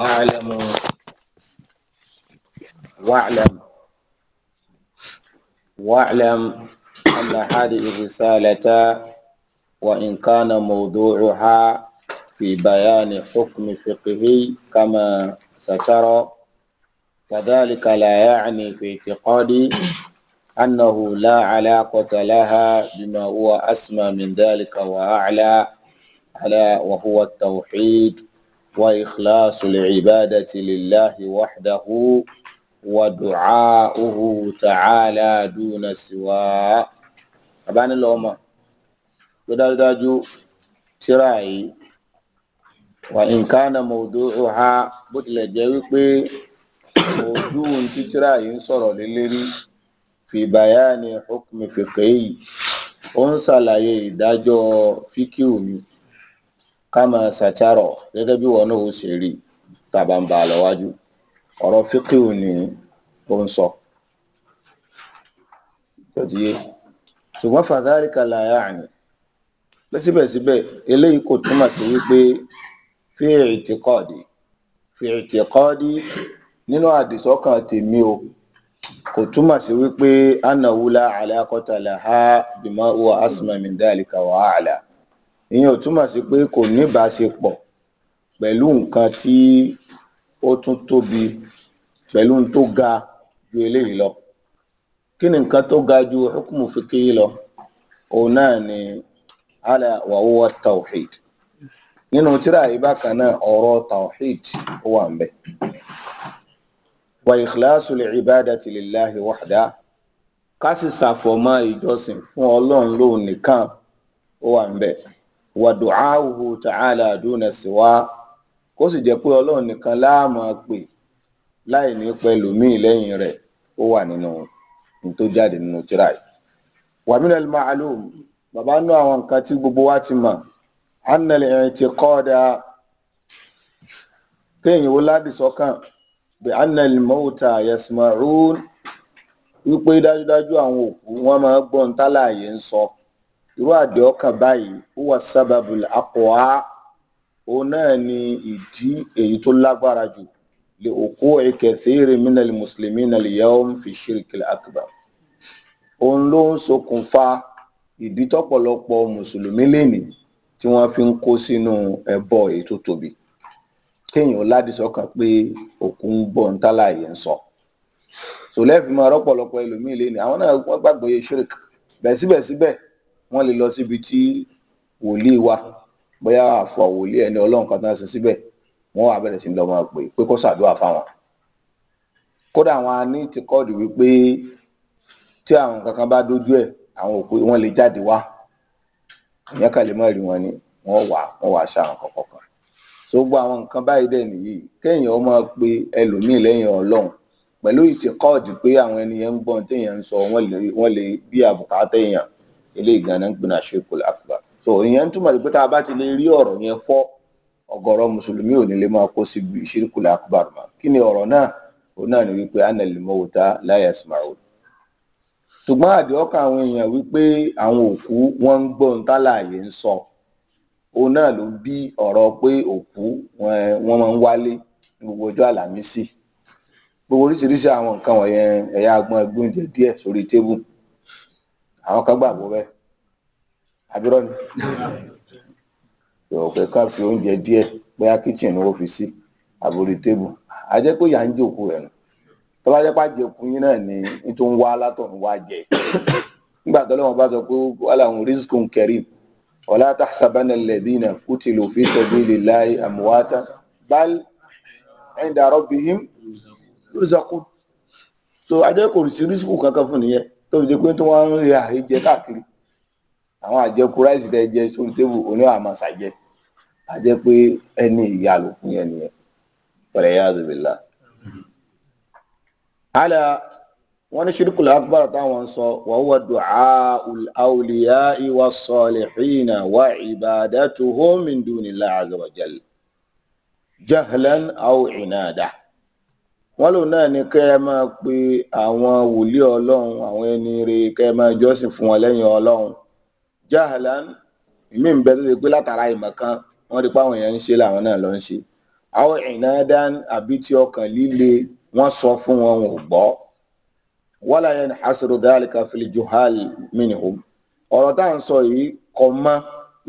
أعلم واعلم واعلم أن هذه الرسالة وإن كان موضوعها في بيان حكم فقهي كما سترى كذلك لا يعني في اعتقادي أنه لا علاقة لها بما هو أسمى من ذلك وأعلى على وهو التوحيد وإخلاص العبادة لله وحده ودعاؤه تعالى دون سواه abani lọọma tó dájúdájú tírà yìí wà nǹkanà mawdu'uha bó tilẹ̀ jẹ́ wípé mọ̀ọ́dú tí tírà yìí ń sọ̀rọ̀ lélẹ́rí fi bayani hukmi fiqhi ó ń ṣàlàyé ìdájọ́ fíkìú ni ká máa ṣàtìárọ̀ gẹ́gẹ́ bí wọn náà ó ṣe rí tá a bá ń ba lọ wájú ọ̀rọ̀ fíkìú ni ó ń sọ tọ́tíyé ṣùgbọ́n fàdáríkà làyà àní síbẹ̀síbẹ̀ eléyìí kò túmọ̀ sí wípé fi ìtìkọ́ọ̀dì fi ìtìkọ́ọ̀dì nínú àdìsọ́kàn tèmi o kò túmọ̀ sí wípé anawula alakọtala ha bima huwa asma min ìyẹn ò túmọ̀ sí pé kò ní ìbáṣepọ̀ pẹ̀lú nǹkan tí ó tún tóbi pẹ̀lú ohun tó ga ju eléyìí lọ kí ni nǹkan tó ga ju hukmu fiqhi lọ òun náà ni ala wa huwa tawhid nínú tírà yìí bákan náà ọ̀rọ̀ tawhid ó wà ń bẹ wa ikhlasu li ibadati lillahi wahda ká sì ṣàfọ̀mọ́ ìjọsìn fún Ọlọ́run lóun nìkan ó wà ń bẹ wa du'auhu ta'ala duna siwa kó sì jẹ́ pé ọlọ́run nìkan la máa pè láì ní pẹ̀lú míì lẹ́yìn rẹ̀ ó wà nínú ní tó jáde nínú tírà yìí. wa minal ma'lum bàbá nú àwọn nǹkan tí gbogbo wa ti mọ̀ anna al-i'tiqada kéèyàn wò ládìsọ́kàn bí anna al-mauta wípé dájúdájú àwọn òkú wọn máa gbọ́ ń tálàyé ń sọ. So irú àdé ọkàn báyìí ó wà sábàbù àkọ́wá òun náà ni ìdí èyí tó lágbára jù lè òkú ìkẹsìrì mínàlì mùsùlùmí nàlì yẹwò fi ṣírìkìlì àkùbà òun ló ń ṣokùnfà ìdí tọ́pọ̀lọpọ̀ mùsùlùmí lénìí tí wọ́n fi ń kó sínú ẹbọ èyí tó tóbi kéèyàn ládìsọkàn pé òkú ń bọ̀ ń tálà yẹn ń sọ sòlẹ́ẹ̀fì máa rọ́pọ̀lọpọ̀ ẹlòmíì lénìí àwọn náà wọ́n gbàgbọ́ yẹ ṣírìkì bẹ́ẹ̀ síbẹ̀síbẹ̀ wọ́n lè lọ síbi tí wòlíì wà bóyá àfọ wòlíì ẹni ọlọ́run kan tán sí síbẹ̀ wọ́n wà bẹ̀rẹ̀ sí lọ máa pè pé kó ṣàdúrà fáwọn kódà àwọn aní ti kọ́ọ̀dù wípé tí àwọn kankan bá dójú ẹ̀ àwọn òkú wọn lè jáde wá ìyẹn kà lè má rí wọn ni wọ́n wà wọ́n wà ṣàwọn kankan kan tó gbọ́ àwọn nǹkan báyìí dẹ̀ nìyí kéèyàn máa pe ẹlòmíì lẹ́yìn ọlọ́run pẹ̀lú ìtìkọ́ọ̀dù pé àwọn ènìyàn ń gbọ́n téèyàn ń sọ wọ́n lè bí àbùkátà èèyàn eléyìí ganan ń pinnu àṣekùl akbar so ìyẹn ń túmọ̀ sí pé tá a bá ti lè rí ọ̀rọ̀ yẹn fọ́ ọ̀gọ̀rọ̀ mùsùlùmí ò ní lè máa kó sí ṣírkùl akbar mọ́ kí ni ọ̀rọ̀ náà òun náà ni wípé anal mawta la yasma'un ṣùgbọ́n àdéhọ́kàn àwọn èèyàn wípé àwọn òkú wọ́n ń gbọ́ ohun tálàyé ń sọ òun náà ló bí ọ̀rọ̀ pé òkú wọ́n máa ń wálé ní gbogbo ọjọ́ àlàmísì gbogbo oríṣiríṣi àwọn nǹkan wọ̀nyẹn ẹ̀yà agbọn ẹgbẹ́ oúnjẹ díẹ̀ sórí tébù àwọn kan gbàgbọ́ bẹ́ẹ̀ abirọ́ ni yọ̀wọ̀ pé ká fi oúnjẹ díẹ̀ bóyá kíchìn ni wọ́n fi sí àbórí tébù ajẹ́ pé yà ń jòkó rẹ̀ nù tó bá jẹ́ pé àjẹkù yín náà ni nítorí wá látọ̀run wá jẹ nígbà tó lọ́wọ́ bá sọ pé wà láwọn rizqun karim wala tahsabanna alladhina qutilu fi sabilillahi amwata bal inda rabbihim yurzaqun so ajẹ́ kò sí rísíkù kankan fún nìyẹn tó fi di pé tó wọ́n ń rí àríjẹ káàkiri àwọn àjẹkù ráìsì tẹ jẹ sórí tébù oní àmọ́ ṣàjẹ àjẹ pé ẹni ìyá àlòkù yẹn nìyẹn pẹ̀lẹ́ yá àdùbìlà. àlà wọn ní ṣírkù lágbára táwọn sọ wọ́n wọ́n dùn áàl àwòlíyá ìwà sọ̀lẹ̀hìnà wà ìbàdàtúhùn min dunillahi azza wa jalla jahlan aw inada wọ́n lòun náà ni kẹ́ ẹ máa pe àwọn wòlíì ọlọ́run àwọn ẹni re kẹ́ ẹ máa jọ́sìn fún wọn lẹ́yìn ọlọ́run jahalan ìmí ń bẹ tó ṣe pé látara ìmọ̀ kan wọ́n rí pé àwọn èèyàn ń ṣe làwọn náà lọ ń ṣe àwọn ìnáadán àbí tí ọkàn líle wọ́n sọ fún wọn wọn ò gbọ́ wala yanhasiru dhalika fil juhal minhum ọ̀rọ̀ tá à ń sọ yìí kò mọ́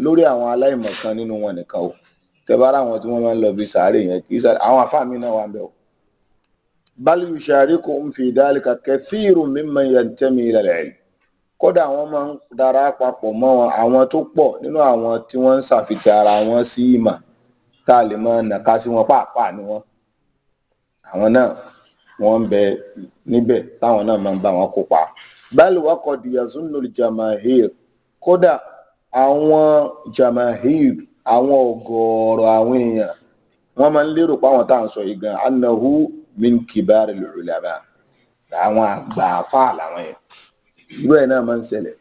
lórí àwọn aláìmọ̀ kan nínú wọn nìkan o tẹ́ ara àwọn tí wọ́n máa ń lọ bí sàárè yẹn kì í sàárè àwọn àfáà náà wà ń bẹ̀ o bal yusharikum fi dhalika kathirun mimman yantami ila al-ilm kódà wọ́n máa ń dara papọ̀ mọ́ àwọn tó pọ̀ nínú àwọn tí wọ́n ń ṣàfihàn ara wọn sí ìmọ̀ tá lè máa nàka sí wọn pàápàá ni wọ́n àwọn náà wọ́n ń bẹ níbẹ̀ táwọn náà máa ń bá wọn kópa bal wa qad yazunnu jamahir kódà àwọn jamahir àwọn ọ̀gọ̀ọ̀rọ̀ àwọn èèyàn wọ́n máa ń lérò pé anahu min kibari lulaba àwọn àgbà afa làwọn yẹn irú ẹ̀ náà máa ń ṣẹlẹ̀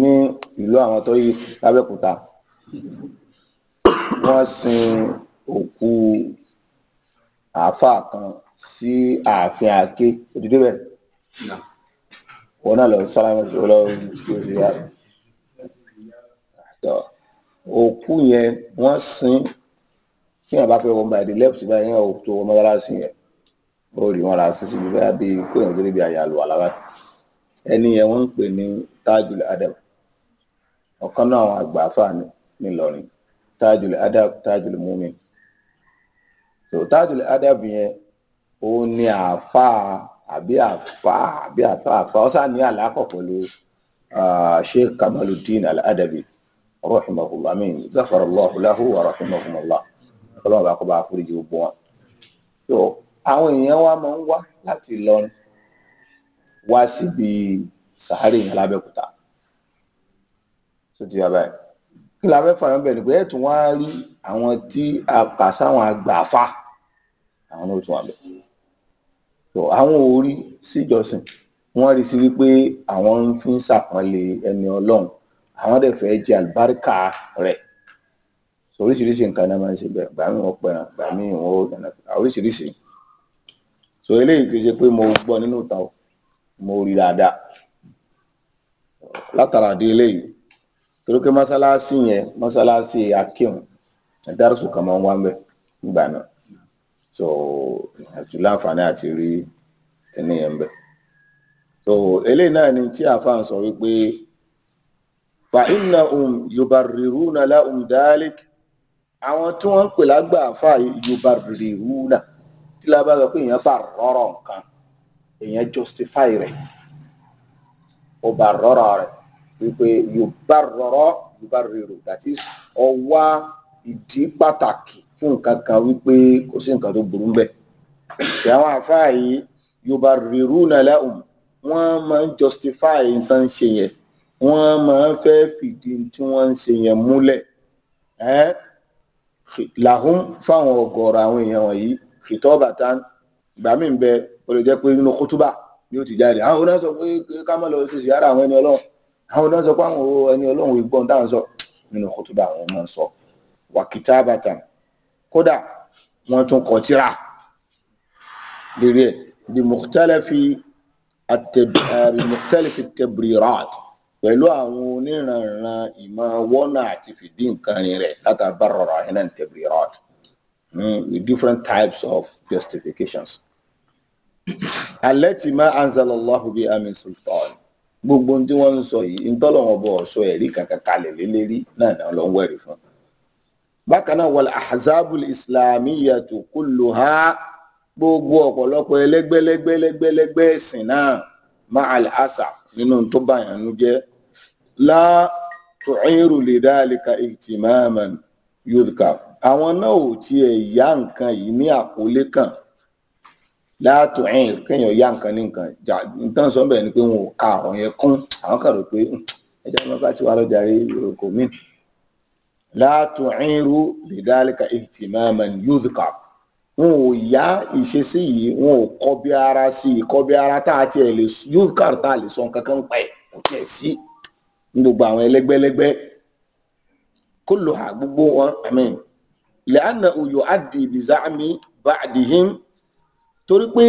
ní ìlú àwọn tó yí lábẹ́kúta wọ́n sin òkú àáfà kan sí ààfin àké òdìdí bẹ̀ wọn náà lọ sálámà sí ọlọ́run tó ṣe yára òkú yẹn wọ́n sin tí èèyàn bá fẹ́ wọ́n báyìí left báyìí yẹn ò tó wọ́n mọ́sálásí yẹn ó rí wọn ra sísí bí báyà bíi kó èèyàn tó débi àyàlù àlàbà ẹni yẹn wọ́n ń pè ní Tajul Adab ọ̀kan náà àwọn àgbà àfààní ńìlọrin Tajul Adab Tajul Mumin so Tajul Adab yẹn ó ní àáfàá àbí àáfàá àbí àáfàá àáfàá ó ní àlákọ̀ pẹ̀lú Sheikh Kamaluddin Al-Adabi zafarallahu lahu wa rahimahumullah ọlọ́run bá kọ́ bá foríjì gbogbo wọn. so àwọn èèyàn wa máa ń wá láti Ìlọrin wá síbi sàárè yẹn lábẹ́òkúta sóti yaba yìí kí la fẹ́ fààyàn bẹ̀ ni pé ẹ̀ tún wá rí àwọn tí a kà sáwọn àgbààfà àwọn náà tún wà bẹ̀ so àwọn ò rí síjọsìn wọ́n rí sí wípé àwọn ń fi ń ṣàpọ́nlé ẹni ọlọ́run àwọn dẹ̀ fẹ́ jẹ àlùbáríkà rẹ̀ so oríṣiríṣi nǹkan ni wọ́n máa ń ṣe bẹ́ẹ̀ ìgbà míì wọ́n pẹran ìgbà míì wọ́n ó oríṣiríṣi so eléyìí kì í ṣe pé mo gbọ́ nínú ìtàn o mo rí dáadáa látara dé eléyìí torí pé mọ́sálásí yẹn mọ́sálásí akéwọn dárúsù kan máa ń wá ń bẹ̀ nígbà náà so àti láǹfààní àti rí ẹni yẹn ń bẹ̀ so eléyìí náà ni tí àáfàá sọ wípé fa inna um yubarriruna lahum dhalik àwọn tí wọ́n ń pè lágbà àfa yorùbá rèé wúlà tí lábá sọ pé èèyàn bá rọrọ nǹkan èèyàn justify rẹ̀ ó bá rọrọ rẹ̀ wípé yorùbá rọrọ yorùbá rèé that is ọwá ìdí pàtàkì fún nǹkan kan wípé kò sí nǹkan tó burú bẹ́ẹ̀ ṣé àwọn àfa yìí yorùbá rèé wúlà lẹ́hùn wọ́n máa ń justify nǹkan ṣe yẹn wọ́n máa ń fẹ́ fìdí tí wọ́n ń ṣe yẹn múlẹ̀ Eh? làhún fáwọn ọ̀gọ̀ọ̀rọ̀ àwọn èèyàn wọ̀nyí khitabatan ìgbà míì ń bẹ ó lè jẹ́ pé nínú kútúbà ni ó ti jáde àwọn onáà sọ pé ká má lọ ṣe ara àwọn ẹni ọlọ́run àwọn onáà sọ pé àwọn ẹni ọlọ́run ìgbọ́n táwọn sọ nínú kútúbà àwọn ọmọ sọ wa kódà wọ́n tún kọ tírà lérí ẹ̀ bi mukhtalifi at-tabri mukhtalifi at pẹ̀lú àwọn oníranran ìmọ̀ wọ́nà àti fìdí nǹkan rẹ̀ látàbárọ̀rọ̀ ahinan tebrirot hmm, with different types of justifications. alẹ́tì máa anzal allahu bi amin sultan gbogbo tí wọ́n ń sọ yìí bọ̀ ẹ̀rí kankan kalẹ̀ lélẹ́rí náà náà ń wẹ̀rí fún. bákan náà gbogbo ọ̀pọ̀lọpọ̀ ẹ̀sìn náà al nínú tó la tu'iru li dhalika ihtimaman yudhkar àwọn náà ò tiẹ̀ yá nǹkan yìí ní àkólé kan la tu'ir kéèyàn yá nǹkan ní nǹkan jà nǹkan sọ bẹ́ẹ̀ ni pé wọn ò ka àwọn yẹn kún àwọn kan rò pé hmm, ẹjọ́ ìmọ̀ bá ti wà lọ́jà rí ìròkò mi la tu'iru li dhalika ihtimaman yudhkar wọn ò yá ìṣesí yìí wọn ò kọbi ara sí i kọbi ara tá a tiẹ̀ lè yudhkar tá a lè sọ nǹkan kan pẹ̀ kò tiẹ̀ sí i ní gbogbo àwọn ẹlẹ́gbẹ́lẹ́gbẹ́ kó lò á gbogbo wọn àmín lẹ́ànà òyò àdì ìbìzáàmì bá àdìhín torí pé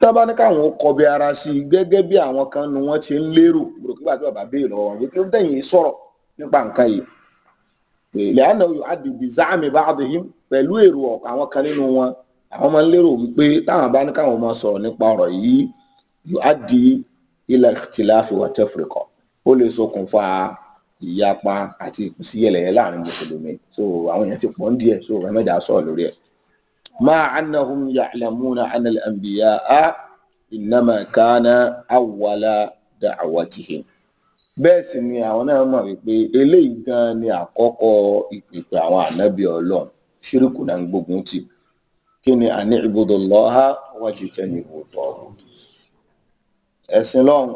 tábánikà àwọn kọbi ara sí i gẹ́gẹ́ bí àwọn kan nu wọ́n ti ń lérò burúkúbà tí bàbá béèrè lọ́wọ́ wọn kí ló dẹ̀yìn sọ̀rọ̀ nípa nǹkan yìí lẹ́ànà òyò àdì ìbìzáàmì bá àdìhín pẹ̀lú èrò àwọn kan nínú wọn àwọn máa ń lérò wípé táwọn bá káwọn máa sọ̀rọ̀ nípa ọ̀rọ̀ yìí yóò á ilẹ̀ tìlẹ̀ àfiwọ́tẹ́fìrìkọ̀ ó lè ṣokùnfà ìyapa àti ìkùnsí yẹ̀lẹ̀yẹ̀ láàrin mùsùlùmí so àwọn èèyàn ti pọ̀ ń díẹ̀ so ẹ mẹ́ta sọ̀rọ̀ lórí ẹ̀. máa anahum ya'lamuna anal anbiya a innama kana awwala da'awatihim. bẹ́ẹ̀ sì ni àwọn náà mọ̀ wípé eléyìí gan ni àkọ́kọ́ ìpèpè àwọn ànábì ọlọ́run ṣírìkù náà ń gbógun tì kí ni àní ibudullaha wajitanibu tawhud ẹ̀sìn lọ́run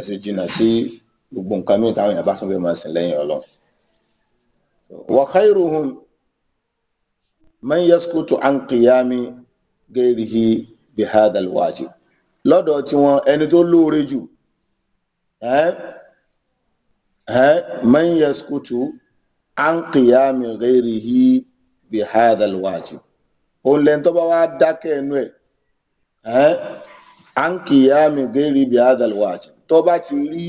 ẹ sì jìnnà sí gbogbo nǹkan míì táwọn èèyàn bá tún fẹ́ máa sìn lẹ́yìn ọlọ́run wa khairuhum man yaskutu an qiyami ghairihi bi hadhal wajib lọ́dọ̀ tiwọn ẹni tó lóore jù man yaskutu an qiyami ghairihi bi hadhal òun lẹ́ni tó bá wá dákẹ́ ẹnu ẹ̀ an qiyami ghairihi tó bá ti rí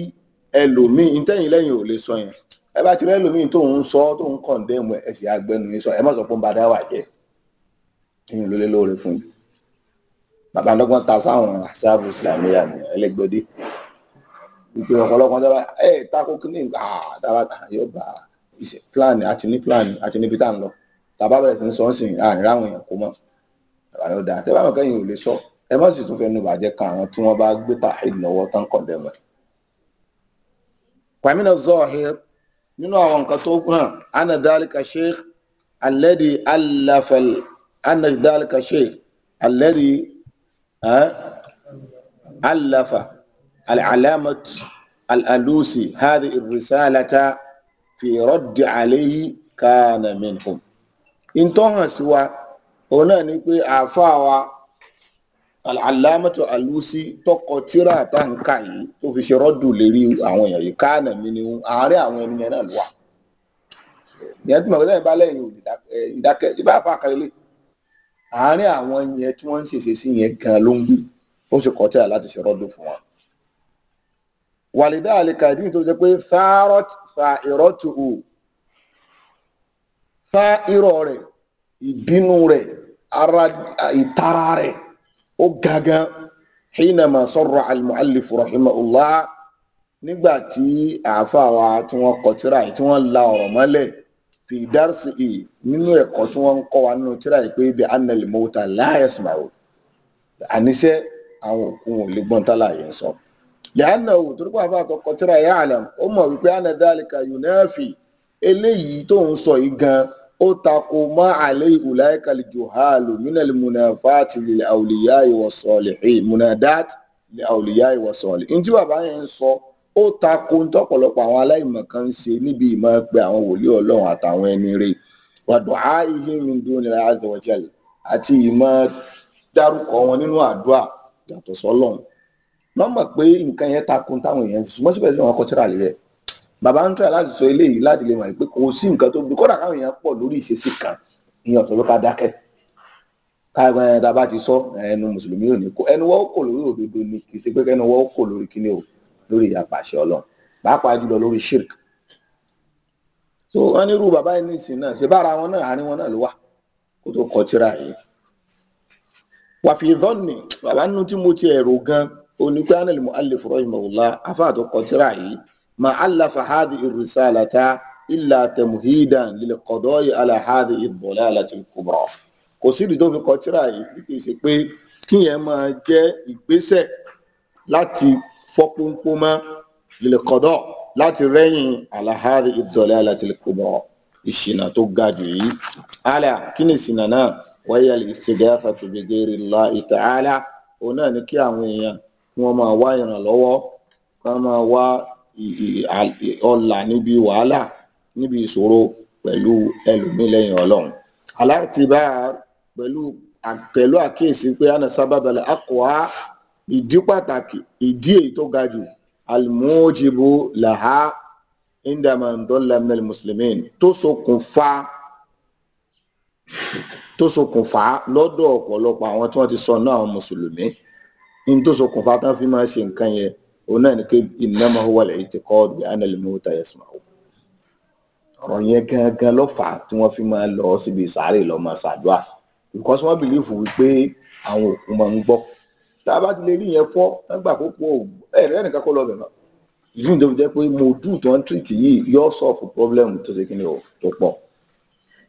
ẹlòmíì ntẹ́yìn lẹ́yìn ò lè sọ yẹn ẹ bá ti rí ẹlòmíì tó ń sọ tó ń kọ̀ǹdẹ́mù ẹ sì agbẹnu yín sọ ẹ má sọ pé ń ba dáwà jẹ ẹ̀yin ló lé lóore fún yín bàbá lọ́gbọ́n ta sáwọn àṣàbù ìsìlámíyà ni ẹlẹgbẹdẹ ìpè ọ̀pọ̀lọpọ̀ dábà ẹ tako kíní dábà yóò bá pílánì àti ní pílánì àti níbi tá à ń lọ tàbá bẹ̀rẹ̀ sí ní sọ́ọ̀sìn àárín ráwọn èèyàn kó mọ́ tàbá ló dáa tẹ́ bá mọ̀ kẹ́yìn ò lè sọ́ọ̀ ẹ má sì tún fẹnu bàjẹ́ kan àwọn tí wọ́n bá gbé tàhíd lọ́wọ́ tán kọ̀ndẹ̀mù ẹ̀. kwamina zohir nínú àwọn nǹkan tó hàn ana dalika sheikh alẹ́dì aláfẹ́l ana dalika sheikh alẹ́dì aláfà alàlámàt alàlùsì hadi ìrìsálàtà fi rọ́dì àlẹ́yìí kánà minhum. ìtọ́hàn sí wa òun náà ni pé àáfàá wa alámọ̀tò àlùsí tọkọ tíra àtàǹkà yìí tó fi ṣe rọ́dù lérí àwọn èèyàn yìí káànà mi ni àárẹ̀ àwọn ènìyàn náà ló wà ìyẹn tí màgbé lẹ́yìn bá lẹ́yìn ìdákẹ́ ìbá àfa àkàlélẹ̀ àárẹ̀ àwọn yẹn tí wọ́n ń ṣèṣe sí yẹn gan ló ń gbé ó sì kọ́ tíra láti ṣe rọ́dù fún wọn. wàlídà àlekà ìdí tó jẹ pé sáárọ̀ sa ìrọ́tù o sá ìrọ̀ rẹ̀ ìbínú rẹ̀ ara ìtara rẹ̀ ó ga gan hinama sọ̀rọ̀ al-muallifu rahimahullah nígbà tí àáfàá wa tí wọ́n kọ tírà yìí tí wọ́n la ọ̀rọ̀ mọ́lẹ̀ fi dársi yìí nínú ẹ̀kọ́ tí wọ́n ń kọ́ wa nínú tírà yìí pé bí anali mota la yasma'u àníṣe àwọn òkú ò lè gbọ́n tá láàyè sọ. lẹ́yìnà òwò torí pé àáfàá kọ tírà yìí àlẹ́ ó mọ̀ wípé anadalika yunafi eléyìí tó ń sọ yìí gan ó takò mọ́ àlẹ́ ìhùláìka jùhálù mínàlì mùnàfáàtì lè àwùlíyá ìwọ̀sọ̀lẹ̀ mùnàdát lè àwùlíyá ìwọ̀sọ̀lẹ̀ ní tí bàbá yẹn ń sọ ó takò ń tọ́pọ̀lọpọ̀ àwọn aláìmọ̀ kan ń ṣe níbi ìmọ̀ pé àwọn wòlíì ọlọ́run àtàwọn ẹni rẹ̀ wàdùn áìhí mi dúró ní azza àti ìmọ̀ dárúkọ wọn nínú àdúrà yàtọ̀ sọ́lọ́run lọ́mọ̀ pé nǹkan yẹn takò táwọn èèyàn ṣùgbọ́n síbẹ̀ sí wọn kọ́ tíra bàbá ń tọ́ láti sọ eléyìí láti lè mọ̀ pé kò sí nǹkan tó burú kódà káwọn èèyàn pọ̀ lórí ìṣesí kan ìyẹn ọ̀sán ló ká dákẹ́ káàgbọ́n tá a bá ti sọ ẹnu mùsùlùmí ò ní kó ẹnu wọ́n kò lórí òdodo ni kì í ṣe pé ẹnu wọ́n kò lórí kíni o lórí ìyapa àṣẹ ọlọ́run pàápàá jùlọ lórí shirk so wọn ní irú bàbá yìí nìsín náà ṣe bára wọn náà àárín wọn náà ló wà kó tó kọ tíra yìí wàfi ìdọ́nì bàbá nínú tí mo ti ẹ̀rọ gan oníkú anil mu'allif rahimahullah afáàtò kọ tíra yìí ما ألف هذه الرسالة إلا تمهيدا للقضاء على هذه الضلالة الكبرى kò sídìí tó fi kọ tírà yìí bí kì í ṣe pé kíyẹn máa jẹ́ ìgbésẹ̀ láti fọ́pọ́npọ́ mọ́ lèkọ́dọ̀ láti rẹ́yìn àlàhárì ìdọ̀lẹ́ alátìlẹ́kùbọ̀ ìṣìnà tó ga jù yìí. àlà kí ni ìṣìnà náà wáyà ìṣègáfà tó gbẹgẹrì la ìta àlà òun náà ni kí àwọn èèyàn kí wọ́n máa wá ìrànlọ́wọ́ kí wọ́n máa wá ọlà níbi wàhálà níbi ìṣòro pẹ̀lú ẹlòmíì lẹ́yìn ọlọ́run aláàtìbá pẹ̀lú pẹ̀lú àkíyèsí pé ana sábàbẹ̀lẹ̀ akọ̀wá ìdí pàtàkì ìdí èyí tó ga jù alimojibu laha indamandolamel muslimin tó ṣokùnfà tó ṣokùnfà lọ́dọ̀ ọ̀pọ̀lọpọ̀ àwọn tí wọ́n ti sọ náà mùsùlùmí ní tó ṣokùnfà tán fi máa ṣe nǹkan yẹn òun náà ni pé innama huwa al-i'tiqad bi anna al-mawta yasma'u ọ̀rọ̀ yẹn gangan ló fà á tí wọ́n fi máa lọ síbi sàárè lọ máa ṣàdúrà because wọ́n bìlífù wípé àwọn òkú máa ń gbọ́ tá a bá ti lè rí yẹn fọ́ nígbà àkókò ẹ̀rẹ́ nìkan kó lọ bẹ̀ náà ìdí tó fi jẹ́ pé tó ń tìrìtì yìí yọ sọ̀fù problem tó ṣe kíni o tó pọ̀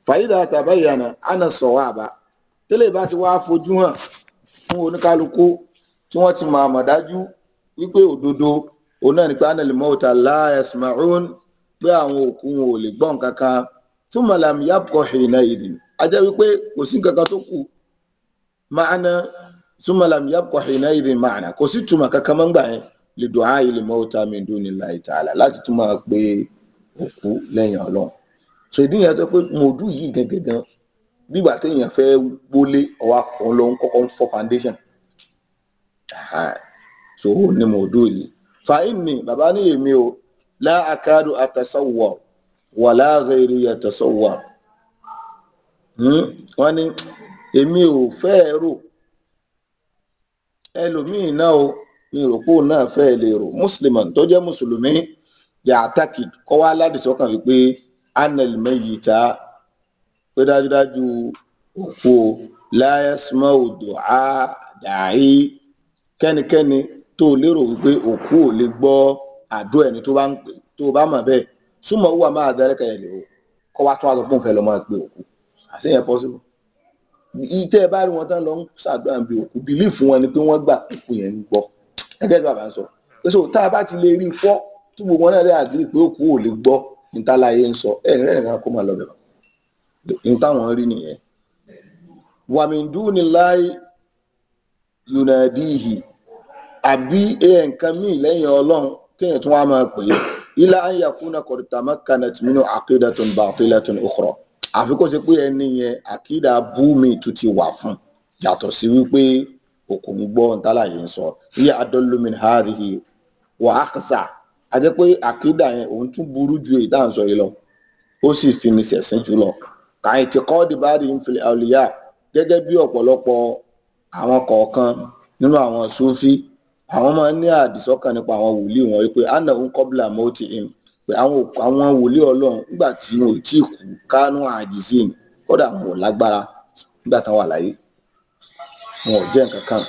fàyídà àtàbáyàna àna sọ̀wọ́ àbá tẹ́lẹ̀ bá ti wá fojú hàn fún oníkálukú tí wọ́n ti máa mọ̀ wípé òdodo òun náà ni pé anil mọ́ta láyàsímáhún pé àwọn òkú wọn ò lè gbọ́ nǹkan kan fún malam yabkọ̀ hìnà ìdì ajẹ́ wípé kò sí nǹkan kan tó kù maana fún malam yabkọ̀ hìnà ìdì maana kò sí túmọ̀ kankan mọ́ gbà yẹn lè dùn áyè lè mọ́ta min dunillahi ta'ala láti túmọ̀ pé òkú lẹ́yìn ọlọ́run so ìdí yẹn tó pé mòdù yìí gẹ́gẹ́gẹ́ nígbà téèyàn fẹ́ wọlé ọwọ́ akọ̀ ló kọ́kọ́ fọ́ foundation so òun ni mòdù yìí fa inni bàbá ní èmi o la akadu atasawwar wala ghairi yatasawwar hmm? wọ́n ní èmi ò fẹ́ rò ẹlòmíì náà o mi rò pé òun náà fẹ́ lè rò musliman tó jẹ́ mùsùlùmí yàtàkì kọ́ wá ládìsọ́kàn wípé anel mẹ́yìíta pé dájúdájú òkú o láyásímọ́ odò á dàáyé kẹ́nikẹ́ni tó o lérò wípé òkú ò lè gbọ́ àdó ẹni tó bá ń pè tó o bá mọ̀ bẹ́ẹ̀ súnmọ́ owó àmọ́ àdáríkà yẹn lè kọ́ wa tún wá sọ fún òfin lọ́mọ pé òkú àṣeyàn possible ìtẹ́ ẹ bá rí wọn tán lọ ń ṣàdúrà bí òkú believe fún wọn ni pé wọ́n gbà òkú yẹn ń gbọ́ ẹgbẹ́ tí bàbá ń sọ pé so tá a bá ti lè rí fọ́ tí gbogbo wọn náà lè àgbè pé òkú ò lè gbọ́ ní táláyé ń sọ ẹ̀rín nìkan kó máa lọ bẹ̀rẹ̀ ní rí nìyẹn wàmíndú ni àbí nǹkan míì lẹ́yìn ọlọ́run kéèyàn tún wá máa pè é ilá an yakuna qad tamakkanat minu aqidatun batilatun ukhra àfi kó ṣe pé ẹni yẹn àkídà búmi tún ti wà fún yàtọ̀ sí wípé òkùn gbọ́ ntàlàyé ń sọ iye adallu min hadhihi wa aqsa àti pé àkídà yẹn òun tún burú ju èyí tá à ń sọ yìí lọ ó sì fi ní sẹ̀sìn jùlọ kàyìn ti kọ́ di báyìí ń fil awliya gẹ́gẹ́ bí ọ̀pọ̀lọpọ̀ àwọn kọ̀ọ̀kan nínú àwọn sufi àwọn máa ń ní àdìsọ́kàn nípa àwọn wòlíì wọn wípé anahun kọ́bílà mọ́tì im pé àwọn àwọn wòlíì ọlọ́run nígbà tí wọn ò tí ì kú kánú àdìsín kódà wọn ò lágbára nígbà táwọn wà láyé wọn ò jẹ́ nǹkan kan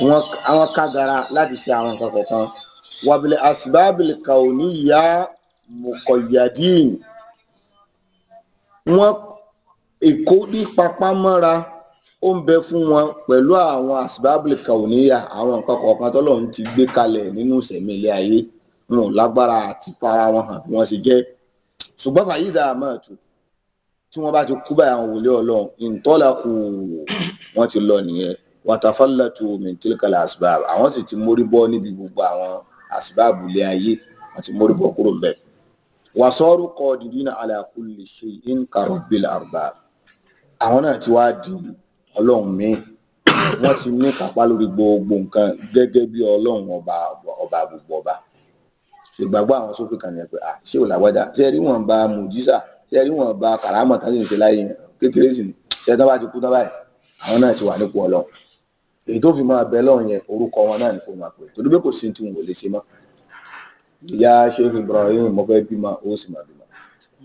wọn àwọn kágara láti ṣe àwọn nǹkan kọ̀ọ̀kan wàbílẹ̀ àsìbábìlì kàóní ìyá mọ̀kọ̀yàdín wọn èkó ní papá mọ́ra ó ń bẹ fún wọn pẹ̀lú àwọn asibabili kàwọníyà àwọn nǹkan kọ̀ọ̀kan tó lọ́n ti gbé kalẹ̀ nínú ìṣẹ̀mí ilé ayé wọn ò lágbára àti fara wọn hàn bí wọ́n jẹ́ ṣùgbọ́n fàyí dáa máa tù tí wọ́n bá ti kú báyìí àwọn wòlé ọlọ́run ìtọ́lá kù wọ́n ti lọ nìyẹn watafalatu min tilkal asbab àwọn sì ti mórí bọ́ níbi gbogbo àwọn asibaabu ayé wọ́n ti mórí bọ́ kúrò ńbẹ̀ wasoru qadidina ala kulli shay'in karabbil arbab àwọn náà ti wá di ọlọ́run mi wọ́n ti ní kápá lórí gbogbo nǹkan gẹ́gẹ́ bí ọlọ́run ọba ọba gbogbo ọba ìgbàgbọ́ àwọn sófì kan ni pé ṣé ò ṣé ẹ rí wọn ba mùjísà ṣé ẹ rí wọn ba kàràmọ̀ kékeré sì bá ti kú ti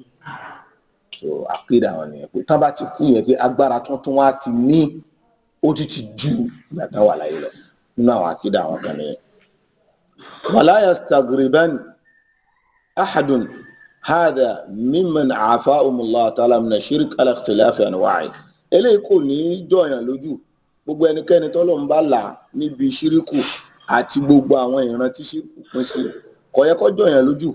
wà so àkídà wọn nìyẹn pé tán bá ti kú yẹn pé agbára tuntun wa ti ní ó ti ti ju ìgbà tá wà láyé lọ nínú àwọn àkídà wọn kan nìyẹn. wala yastagriban ahadun hadha mimman afahumullahu ta'ala min ash-shirk ala ikhtilafi anwa'i eléyìí kò ní jọyàn lójú gbogbo ẹnikẹ́ni tọ́lọ̀ ń bá là níbi ṣíríkù àti gbogbo àwọn ìran tí ṣíríkù pín sí kò jọyàn lójú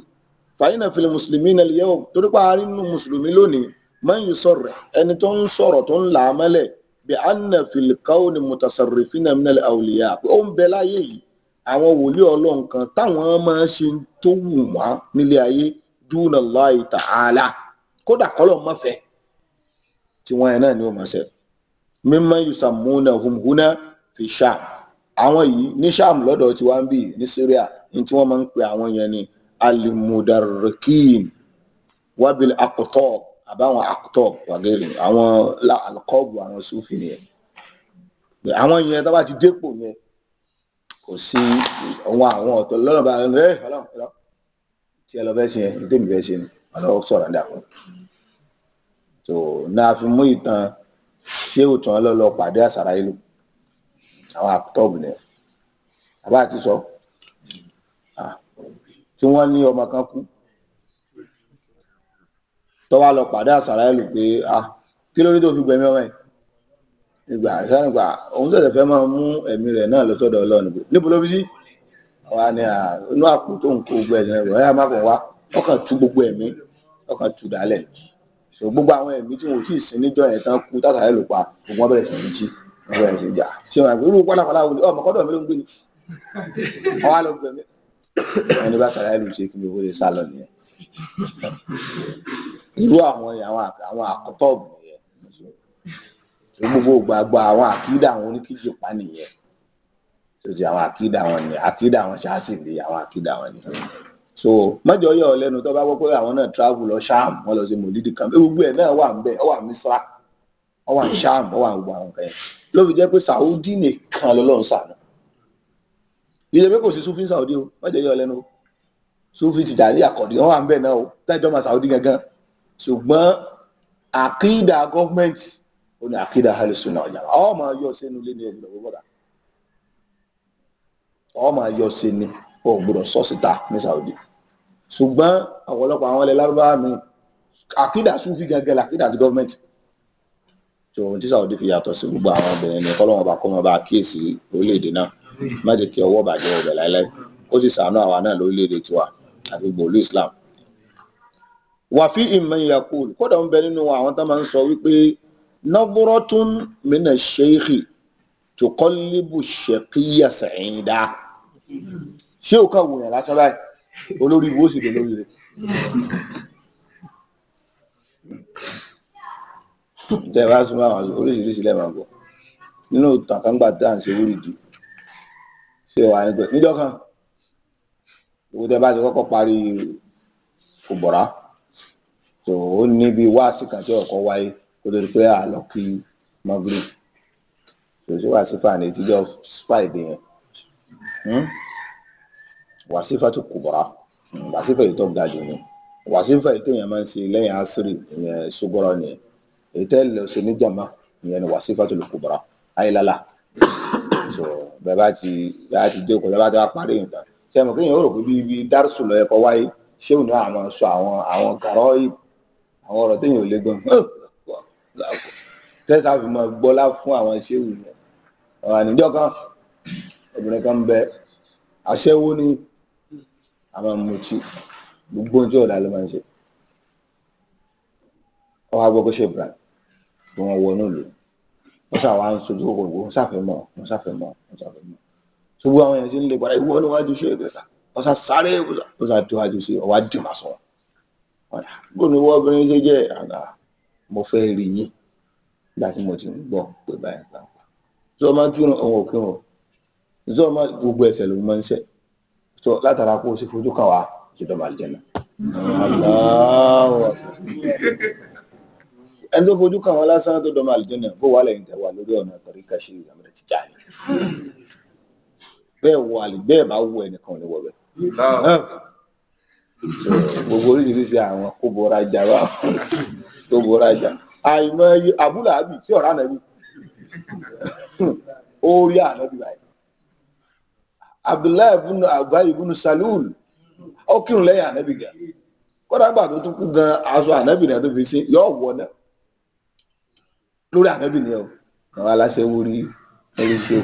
fàyínà fìlẹ mùsùlùmí náà lìyẹwò torí pa àárín nínú mùsùlùmí lónìí máa ń yí sọ̀rọ̀ ẹni tó ń sọ̀rọ̀ tó ń là á mọ́lẹ̀ bí anna fil kawni mutasarrifina min al awliya pé ó ń bẹ láyé yìí àwọn wòlíì Ọlọ́run kan táwọn máa ṣe tó wù wọ́n nílé ayé dúnà Allahi ta'ala kódà kọlọ má fẹ́ tí yẹn náà ni ó máa ṣe mímọ yusammuna humhuna fi sham àwọn yìí ní sham lọ́dọ̀ tiwa ń ní Syria ní tí wọn máa ń pe àwọn yẹn ni alimudarrikin wabil akutob àbáwọn akutob wàgẹ́rì àwọn alkọ́ọ̀bù àwọn sufi nìyẹn àwọn yẹn tó bá ti dépò yẹn kò sí àwọn àwọn ọ̀tọ̀ lọ́nà bá ẹ ọlọ́run ọlọ́run tí ẹ lọ fẹ́ ṣe yẹn tèmi fẹ́ ṣe ni ọlọ́run sọ̀rọ̀ dà fún tó náà mú ìtàn ṣé òtún ọlọ́lọ́ pàdé àsàrà ìlú àwọn akutob nìyẹn àbá ti sọ. So, tí wọ́n ní ọmọ kan kú tó wá lọ pàdé àsàráìlù pé ah kí ló ní tó fi gbẹ̀mí ọmọ yìí ìgbà sáré gbà òun ṣẹ̀ṣẹ̀ fẹ́ máa mú ẹ̀mí rẹ̀ náà lọ́sọ̀dọ̀ Ọlọ́run níbo ló fi sí wa ni inú àpò tó ń kó gbogbo ẹ̀mí rẹ̀ ọ̀yà má kàn wá ọkàn tú gbogbo ẹ̀mí ọkàn tú dálẹ̀ so gbogbo àwọn ẹ̀mí tí wọn ò tí ì sin níjọ́ yẹn tán kú tásàráìlù pa gbogbo wọn bẹ̀rẹ̀ sí ní jí wọn ṣé wọn àgbẹ̀ irú pálapàla ọmọkọ́dọ̀ mi ló ń gbé ni ọwọ́ àlọ́ gbẹ̀mí ẹni bá sàlàyé lù ṣe kí ni owó lè sá lọ nìyẹn irú àwọn àwọn àwọn àkọtọọbù nìyẹn gbogbo gbàgbọ́ àwọn àkídà àwọn oníkìjìpá nìyẹn tó ti àwọn àkídà wọn nìyẹn àkídà wọn ṣáàṣì lè àwọn àkídà wọn nìyẹn so mọjọ yọ lẹ́nu tó bá gbọ́ pé àwọn náà travel lọ sham wọn lọ sí mòlídìí kan gbogbo ẹ náà wà ń bẹ ọ wà mísírà ọ wà ń sham ọ wà ń gbogbo àwọn kan yẹn ló fi jẹ́ pé Saudi nìkan lọ́lọ́run ṣàánú ìyẹn pé kò sí sufi saudi o wọ́n jẹ́ lẹ́nu o sufi ti dàrí àkọ́dí wọn wà ń bẹ̀ náà o tájọ́ ma saudi gangan ṣùgbọ́n àkídà gọ́ọ̀mẹ̀ntì ó ní àkídà halisuna ọ̀yà ọ̀ máa yọ sínú lé ní ọ̀gbọ̀dọ̀ bọ́dà ọ̀ máa yọ sínú ọ̀gbọ̀dọ̀ sọ́sìta ní saudi ṣùgbọ́n ọ̀pọ̀lọpọ̀ àwọn ilẹ̀ lárúbáwá mi àkídà sufi gangan làkídà ti gọ́ọ̀mẹ̀ntì tó ohun saudi fi yàtọ̀ sí gbogbo àwọn obìnrin ní kọ́lọ́wọ́n bá kọ́ wọn bá kíyèsí orílẹ̀-èdè náà má jẹ́ kí ọwọ́ bàjẹ́ ọbẹ̀ láéláé ó sì ṣàánú àwa náà lórílẹ̀‐èdè tiwa àti gbogbo ìlú Islam. wàfí ìmọ̀ ìyàkùn kódà ń bẹ nínú àwọn tó máa ń sọ wípé nọ́bùrọ́tún mìíràn ṣéèkì tó kọ́ lébù ṣèkíyà sẹ̀yìn dá ṣé o kà wòyàn lásán báyìí olórí ìwé òsì lórí rẹ̀ tẹ̀ bá súnmọ́ àwọn oríṣiríṣi lẹ́ẹ̀mọ́ nínú ìtàn kan à ń ṣe wúrìdì ṣé wàá ní pé níjọ́ kan owó tẹ bá ti kọ́kọ́ parí kò bọ̀rá tó ó ní bí wáàsí kan tí ọ̀kọ́ wáyé kó tó di pé àlọ́ kí mọ́gírì tó ṣe wàá sífà ní ìtìjọ́ friday yẹn hmm? wàá sífà tó kò bọ̀rá hmm, wàá sífà tó ga jù ni wàá sífà èyí téèyàn máa ń ṣe lẹ́yìn asiri ìyẹn ṣùgbọ́n nìyẹn èyí tẹ́ lọ ṣe níjàmá ìyẹn ni wàá sífà tó lè kò ayélujára sọ̀rọ̀ bẹ́ẹ̀ bá ti bá ti jókòó bẹ́ẹ̀ bá ti wá parí nǹkan ṣe mọ̀ kéèyàn ó rò pé bí ibi dárúsù lọ ẹ̀kọ́ wáyé ṣéun náà àmọ́ sọ àwọn àwọn gàrọ́ àwọn ọ̀rọ̀ téèyàn ò lè gbọ́n tẹ́sà fi mọ gbọ́lá fún àwọn ṣéun yẹn ọ̀rọ̀ àníjọ́ kan obìnrin kan ń bẹ aṣẹ́wó ní àmọ́ mutí gbogbo tí ọ̀dà ló máa ń ṣe ọ̀hà gbọ́ ṣe brad tí wọ́n wọnú lòun wọ́n ṣàwá ń sojú kòkòrò wọ́n ṣàfẹ́ mọ̀ wọ́n ṣàfẹ́ mọ̀ wọ́n ṣàfẹ́ mọ̀ ṣùgbọ́n àwọn èèyàn ti ń lè padà ìwọ níwájú ṣe ìgbẹ́ta wọ́n ṣà sáré ó ṣà díwájú sí ọwá dìmọ̀ sọ wọn. Ah, bóun ni wọ́n obìnrin ṣe jẹ́ àgbà mo fẹ́ rí yín nígbà tí mo ti ń gbọ́ pé báyìí pàápàá tí o máa kírun ọ̀hún òkírun tí wọ́n máa gbogbo ẹ̀sẹ̀ ló máa ń ṣẹ̀ tó látara kó o sì fojú kàn ìjọba àlùjẹ náà ẹni tó fojú kàn wọ́n lásán tó dọ́mọ àlùjànnà kó wà lẹ́yìn tẹ̀wà lórí ọ̀nà àtọ̀rí kàṣí ìyàmẹ́rẹ́ ti jáde bẹ́ẹ̀ wọ àlè bẹ́ẹ̀ bá wọ ẹnìkan lè wọ bẹ́ẹ̀ gbogbo oríṣiríṣi àwọn kó bọra jà wá tó bọra jà àìmọ iye abúlé àbí tí ọ̀rá nàbí ó rí ànábì báyìí abdullahi ibùnú àgbáyé ibùnú salul ó kírun lẹ́yìn ànábì gan kódà gbà tó tún kú gan aṣọ ànábì náà tó fi sí yọ wọ náà lórí ànábì ni ọ àwọn aláṣẹ wúrí lórí ṣe o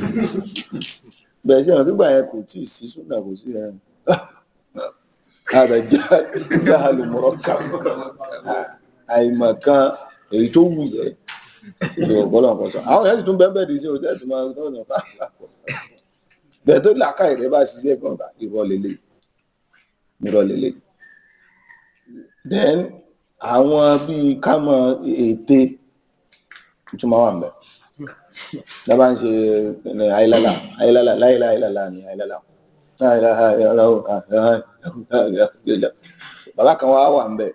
bẹ́ẹ̀ ṣe àwọn nígbà yẹn kò tí ì sí súnà kò sí ẹran àdàjà jáàlùmọrọ kan àìmọ̀kan èyí tó wù yẹ ló gbọ́dọ̀ kọ sọ àwọn yẹn sì tún bẹ́ẹ̀ bẹ́ẹ̀ di sí o tẹ́sí máa tọ́ ọ̀nà fáwọn àpò bẹ́ẹ̀ tó làákà ìrẹ́ bá ṣiṣẹ́ kan ìrọ̀lẹ́lẹ́ ìrọ̀lẹ́lẹ́ then àwọn bíi ká mọ ète ìtumọ̀ wà ń bẹ̀ dábàá ń ṣe àìlàlà àìlàlà láìlà àìlàlà ni àìlàlà bàbá kan wá wà ń bẹ̀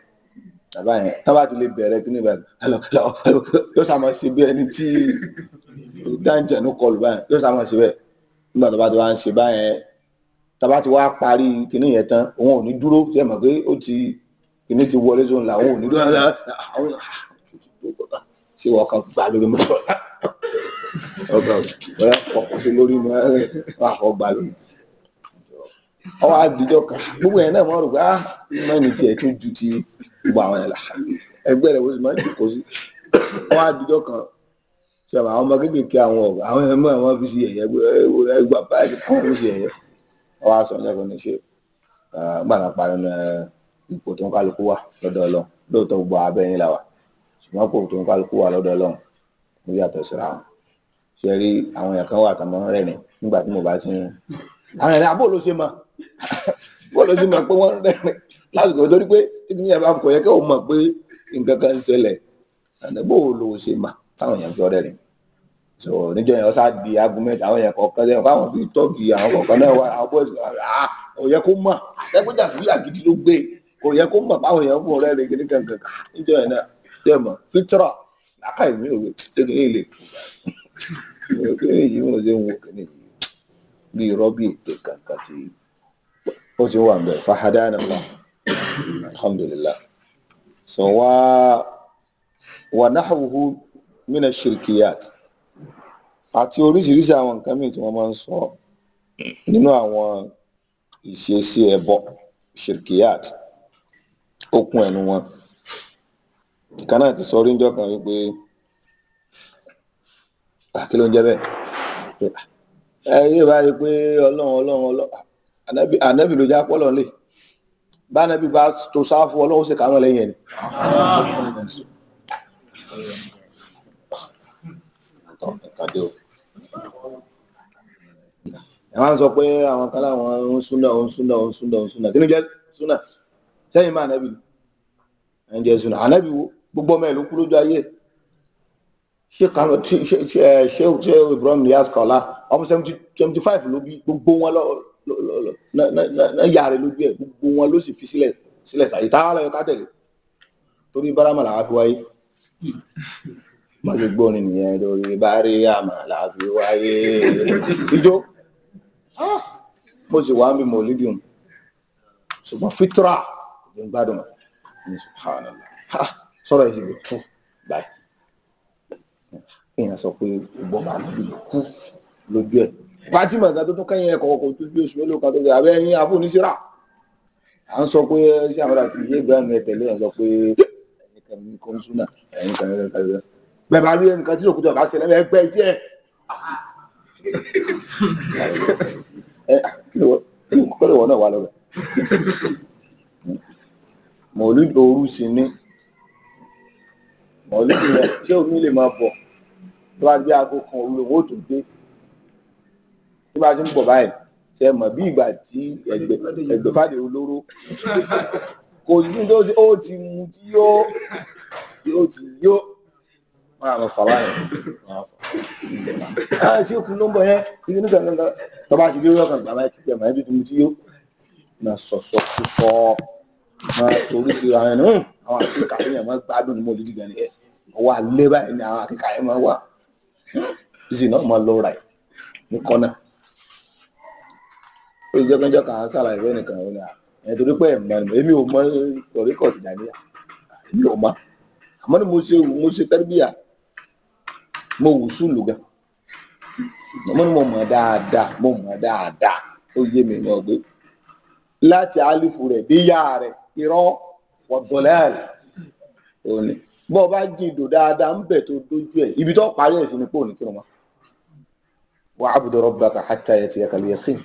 bàbá yẹn tábà ti lè bẹ̀rẹ̀ kí ni bàbá yóò sàmà ṣe bí ẹni tí dáńjẹ̀nu kọlù báyẹn yóò sàmà ṣe bẹ́ẹ̀ nígbà tó bá ti wá ń ṣe báyẹn tábà ti wá parí kíní yẹn tán òun ò ní dúró ṣe mọ̀ pé ó ti kíní ti wọlé tó ń là òun ò ní dúró ṣé wọ́n kàn gbà lórí mọ́tò ọgbà ọ̀rẹ́ ọkọ̀ sí lórí mọ́tò ọkọ̀ gbà lórí. ọwọ́ àdìjọ kan gbogbo yẹn náà mọ̀ rò pé ah mọ́ni tiẹ̀ tún ju ti gbogbo àwọn yẹn la ẹgbẹ́ rẹ̀ wọ́n sì máa ń jòkó sí ọwọ́ àdìjọ kan sọ̀rọ̀ àwọn ọmọ kéékèèké àwọn ọ̀gá àwọn ẹ̀mọ́ àwọn fi ṣe ẹ̀yẹ ẹgbà báyìí àwọn fi ṣe ẹ̀yẹ ọwọ́ àṣọ ọ̀nẹ́kọ̀ọ́ ní ṣe gbàgbà ah, parí ipò tó ń kálukú wà lọ́dọ̀ lóòótọ́ gbogbo abẹ́yìn làwà ṣùgbọ́n kò tó ń kálukú wà lọ́dọ̀ Ọlọ́run ó yàtọ̀ síra wọn ṣe rí àwọn èèyàn kan wà tán mọ́ rẹ̀ ni nígbà tí mo bá ti ń àwọn èèyàn abó ah, ló ṣe mọ̀ bó ló ṣe mọ̀ pé wọ́n rẹ̀ ni lásìkò torí pé ibi yẹn bá kò yẹ kí o mọ̀ pé nǹkan kan ń ṣẹlẹ̀ bó ló ṣe mọ̀ táwọn èèyàn fi ọ̀rẹ́ rẹ̀ so níjọ yẹn ọsà di argument àwọn yẹn kọ̀ọ̀kan sẹ́yìn fáwọn bíi tọ́ọ̀gì àwọn kọ̀ọ̀kan náà wà àwọn bọ́ọ̀sì àà ah, kò yẹ kó mọ̀ ẹgbẹ́jà sùúrù àgídí ló gbé kò yẹ kó mọ̀ báwọn yẹn fún ọ̀rẹ́ rẹ̀ kíní kankan níjọ yẹn náà dẹ́mọ̀ fitra láká ìmí òwe ṣégun ní ilé ìtura òkèèrè yìí wọn ṣe ń wo kìíní yìí bí rọ́bì ètè kankan tí ó ti wà nbẹ fahadana allah alhamdulillah so wa wa nahwuhu min ashirkiyat àti oríṣiríṣi àwọn nǹkan míì tí wọ́n máa ń sọ nínú àwọn ẹbọ shirkiyat okun ẹnu wọn. ìka náà ti sọ orí ńjọ́ kan wípé kí ló ń ẹ yé bá pé ọlọ́run ọlọ́run ọlọ́run ànábì ló já lọ lè bá ànábì bá tó sáfù ọlọ́run sì kàánú lẹ́yìn ẹ̀ ẹ máa ń sọ pé àwọn kan láwọn ń súnà ń súnà gbogbo ọmọ ẹ̀ ló kú lójú ayé ṣé Ibrahim Niass Kaola ọmọ seventy five ló bí gbogbo wọn lọ náà yára lójú ẹ̀ gbogbo wọn ló sì fi sílẹ̀ sílẹ̀ sáyé táwọn aláyọ̀ ká tẹ̀lé torí bárámà làwọn fi wáyé má ṣe gbọ́ ni nìyẹn lórí bárí àmà làbí wáyé ijó ah! mo sì wá ń bí molidium ṣùgbọ́n fitra ló ń gbádùn ní subhanallah sọ̀rọ̀ yìí sì lè tú báyìí èèyàn sọ pé ìgbọ́n máa tóbi ló kú lójú ẹ̀ fatima ìgbà tó tún kẹ́yìn ẹ̀kọ́ ọkọ̀ tó bí oṣù mélòó kan tó ṣe abẹ́ ẹ̀yìn abó oníṣẹ́ra à ń sọ pé ṣé àwọn àti ìyá ìgbà mi tẹ̀lé ẹ̀ sọ pé ẹ̀yìn kan ní kọ́ńsúnà ẹ̀yìn kan ní kọ́ńsúnà bẹ́ẹ̀ bá rí ẹnìkan tí òkúta bá ṣẹlẹ̀ ẹ gbẹ́ jẹ́ kí ló wọ́n náà wà lọ́rẹ̀ mọ̀lúdì ooru sí ni mọ̀lúdì yẹn tí omi lè máa bọ̀ tó bá gbé aago kan òru lòun ó tó dé tó bá ti ń bọ̀ báyìí ṣe mọ̀ bí ìgbà tí ẹgbẹ̀fàdé olóró kò sí tó ó ti mu tí yóò yóò ti yó máa mọ̀ fà báyìí máa tí òkú ló ń bọ̀ yẹn ibi nígbà kankan tó bá ti dé yóò kàn bàbá ìtìkẹ́ mọ̀ ẹbí tó mu tí yó máa sọ̀sọ̀ kú máa torí ti ra ẹnu àwọn àti kàfíńyà máa gbádùn ní mọ̀lúdì gan ẹ̀ ọwọ́ alẹ́ báyìí ni àwọn akẹ́kọ̀ọ́ yẹn máa wà ìsì náà máa lọ rà ní kọ́nà ó jẹ́ kánjọ́ kan ṣàlàyé fẹ́ nìkan ọ̀hún ni ẹ̀ eh, torí pé èmi ò mọ tọ̀ríkọ̀ ti dàníyà èmi ò mọ àmọ́ ni mo ṣe mo ṣe tẹ́rìbíyà mo wù sùlù gan àmọ́ ni mo mọ̀ dáadáa mo mọ̀ dáadáa ó yé mi mọ̀ gbé láti alifu rẹ̀ déyà rẹ̀ irọ́ wọ̀dọ̀lẹ́ẹ̀lì òní bó o bá jìn dò dáadáa ń bẹ̀ tó dójú ẹ̀ ibi tó parí ẹ̀ sí ni pé òní kírun wa. wa'budu rabbaka hatta ya'tiyakal yaqin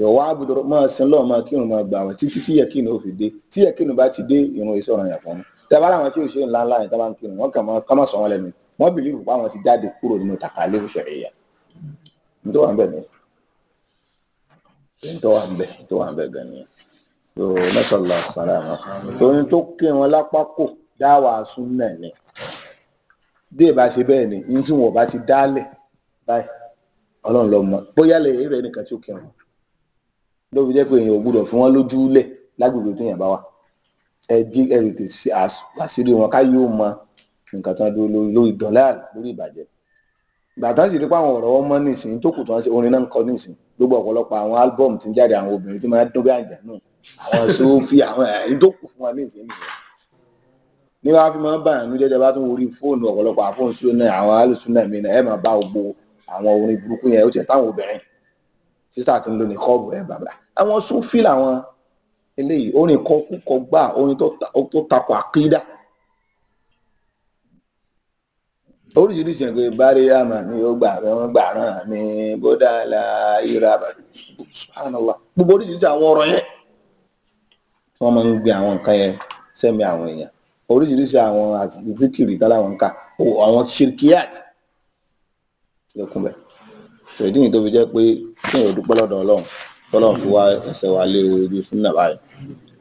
ìwà àbùdọ̀rọ̀ máa sin lọ́ọ̀ máa kírun máa gbà wọ́n títí tí yẹ̀kín ò fi dé tí yẹ̀kín bá ti dé ìrun iṣẹ́ ọ̀ràn yàtọ̀ wọn dábàá làwọn tí òṣèré ńlá ńlá yẹn tó ń kírun wọn kàn máa kámọ̀ sọ lẹ́nu wọn bìlíìfù pé àwọn ti jáde kúrò nínú tàkàlẹ́ òṣèré tó ń tó kí wọn lápá kò dáwà súnà ni bí èèbá ṣe bẹ́ẹ̀ ni ní tí wọn ò bá ti dálẹ̀ báyìí ọlọ́run lọ mọ̀ bóyá lè rẹ̀ nìkan tí ó kẹrùn ló fi jẹ́ pé èèyàn ò gbúdọ̀ fún wọn lójú lẹ̀ lágbègbè tó yàn bá wà ẹ jí ẹrù tè ṣe àṣírí wọn ká yóò mọ nǹkan tán dúró lórí lórí dọ́là lórí ìbàjẹ́ gbàtà sì rí pé àwọn ọ̀rọ̀ wọn mọ́ nísìnyí tó kù tó wọn ṣe orin náà ń kọ nísìnyí gbogbo ọ̀pọ̀lọpọ̀ àwọn álbọ̀mù tí ń jáde àwọn obìnrin tí máa ń dún bí àjànú àwọn sófì àwọn ẹ̀yìn tó kù fún wọn nísìnyí nìyẹn ní wàá fi máa ń bàyàn nújẹ́ tẹ́ bá tún orí fóònù ọ̀pọ̀lọpọ̀ àfóònù súnà àwọn alùsùnà mi náà ẹ̀ máa bá gbogbo àwọn orin burúkú yẹn ó tiẹ̀ táwọn obìnrin sísá ti ń lò ní kọ́ọ̀bù ẹ̀ bàbá àwọn súnfì làwọn eléyìí orin kọkúkọ gbà orin tó takò àkídà oríṣiríṣi ẹgbẹ bari ama ni ó gbà rẹ wọn gbà ràn mí bódà la ira subhanallah gbogbo oríṣiríṣi àwọn ọ̀rọ̀ yẹn wọn máa ń gbin àwọn nǹkan yẹn sẹmi àwọn èèyàn oríṣiríṣi àwọn àtìkiri táwọn ń kà àwọn shirkiyat ló kún ṣèdí yìí tó fi jẹ́ pé kí èèyàn dúpẹ́ lọ́dọ̀ ọlọ́run tọ́lọ́run fi wá ẹsẹ̀ wa lé ojú súnà báyìí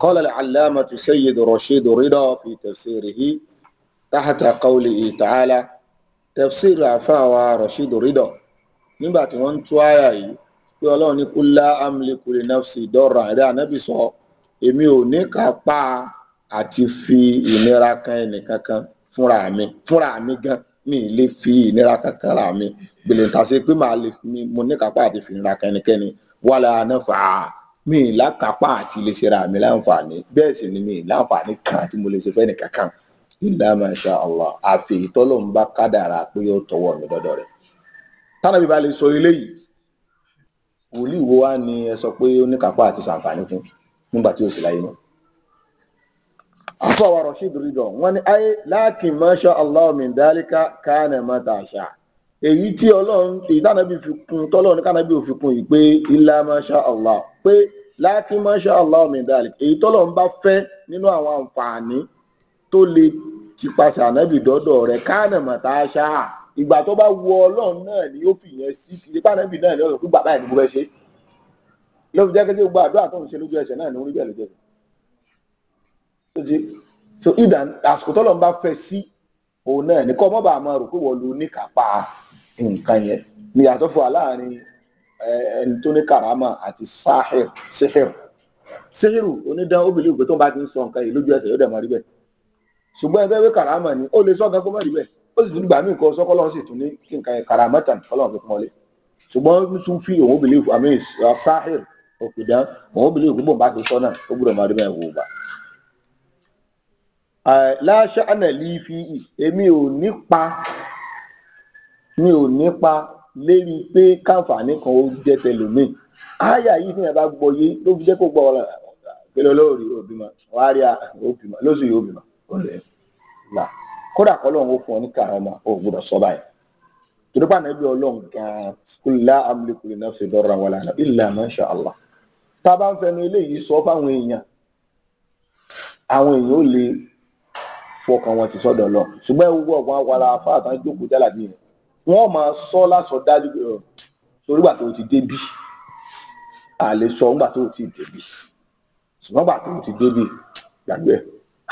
قال العلامة سيد رشيد رضا في تفسيره تحت قوله تعالى tafsir àfáàwà rasheed ridọ nígbà tí wọ́n ń tú àyà yìí pé ọlọ́run ní kul la amliku li nafsi àrẹ ànábì èmi ò ní kápá àti fi ìnira kan ẹnìkankan fúnra mi fúnra mi gan mi lè fi ìnira kankan ra mi gbèlè ta ṣe pé màá lè mi mo ní kápá àti fi ìnira kan ẹnikẹ́ni wàhálà mi lákápá àti lè ṣe ra mi láǹfààní bẹ́ẹ̀ sì ni mi láǹfààní kan tí mo lè ṣe fẹ́ni kankan ilá masha allah àfi ìtọ́lọ̀ ń bá kádàrà pé yóò tọwọ́ mi dọ́dọ̀ rẹ̀ tánàbí bá lè sọ eléyìí wòlíì wo wá ni ẹ sọ pé ó ní kápá àti ṣàǹfààní fún nígbà tí ó sì láyé náà. afa wa rashid ridọ wọn ni ayé láàkì masha allah min dálíkà èyí tí ọlọ́run èyí fi kún tọ́lọ́run kánàbí ò fi kún yìí pé ilá masha allah pé masha allah min èyí bá nínú àwọn àǹfààní tó lè ti ànábì ìgbà tó bá wọ náà ni ó fi yẹn sí náà ni so ìdá àsìkò tọ́lọ̀ ń bá fẹ́ sí òun náà ní kọ́ mọ́bà máa rò pé wọ́n lo oníkápá nǹkan yẹn ni yàtọ̀ fún wa láàrin ẹni tó ní karama àti sahir sihir sihiru onídán obìnrin ògbé tó ń bá ti ń sọ nǹkan yìí lójú ẹsẹ̀ yóò dẹ̀ máa rí bẹ́ẹ̀ ṣùgbọ́n ẹgbẹ́ wí karama ni ó lè sọ nǹkan kó má rí bẹ́ẹ̀ ó sì tún gbà mí nǹkan sọ́kọ́ lọ́wọ́ sì tún ní kí nǹkan yẹn karamatan kọ́lọ́wọ́ fi pọ́nlé ṣùgbọ́n sufi òun obìnrin àmì sahir òkùdán òun obìnrin ògbé bò ń bá ti sọ náà ó gbúdọ̀ máa rí bẹ́ẹ̀ wò ó láṣà ànàlí fi hì èmi ò nípa mi ò nípa lérí pé káǹfààní kan ó jẹ tẹlòmíì àyà yìí fi hàn bá gbọ́ yé ló fi jẹ kó gbọ́ ọ̀rọ̀ pẹ̀lú olóòrì òbímọ wàárí òbímọ lóṣù yìí òbímọ olè là kódà kọlọ́run ó fún ọ ní kàrọmà ó gbọ́dọ̀ sọ báyìí torí pàánà ibi Ọlọ́run gan kúlá amúlẹkùlẹ náà ṣe dọrọ àwọn àlànà ilà masha Allah tá a bá ń fẹnu eléyìí sọ fáwọn èèyàn àwọn èèyàn ó lè fọkàn wọn ti sọ́dọ̀ lọ ṣùgbọ́n ewu ọgbọ́n awara fáàtàn jókòó jálàbí yẹn wọ́n máa sọ lásọ dájú torí gbà tó ti débi à sọ ńgbà tó ti débi ṣùgbọ́n gbà tó ti débi gbàgbé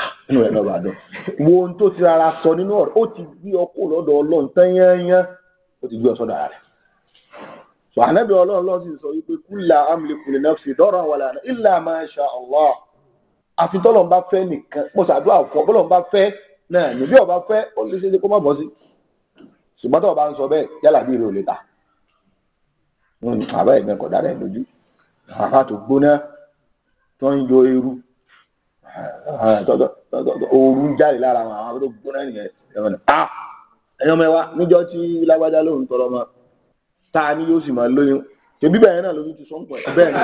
ah, inú rẹ̀ lọ́ba dán wo ohun tó ti rárá sọ nínú ọ̀rọ̀ ó ti gbé ọkọ̀ lọ́dọ̀ ọlọ́run tán yányán ó ti gbé ọ̀sọ́dọ̀ ara rẹ̀ sọ ànábì ọlọ́run lọ́sìn sọ wípé kúlà amliku li nafsi darran wala illa ma sha àfi tọ́lọ̀ ń bá fẹ́ nìkan mo ṣàdúrà fún ọ bọ́lọ̀ ń bá fẹ́ náà ní bí ọba fẹ́ ó lè ṣe é kó má bọ́ sí ṣùgbọ́n tó o bá ń sọ bẹ́ẹ̀ yálà bí ire ò lè ta àbá ẹ̀gbẹ́ kọ̀ dára ẹ̀ lójú àbá tó gbóná tó ń yọ eérú ooru ń jáde lára àwọn àwọn tó gbóná nìyẹn ẹ̀wọ̀n ni a ah, ẹ̀yọ́mẹ́wá níjọ́ tí lágbájá lóhùn tọrọ mọ́ ta ni yóò sì máa lóyún tèmi bẹ́ẹ̀ náà lóyún ti sọ ń pọ̀ bẹ́ẹ̀ ni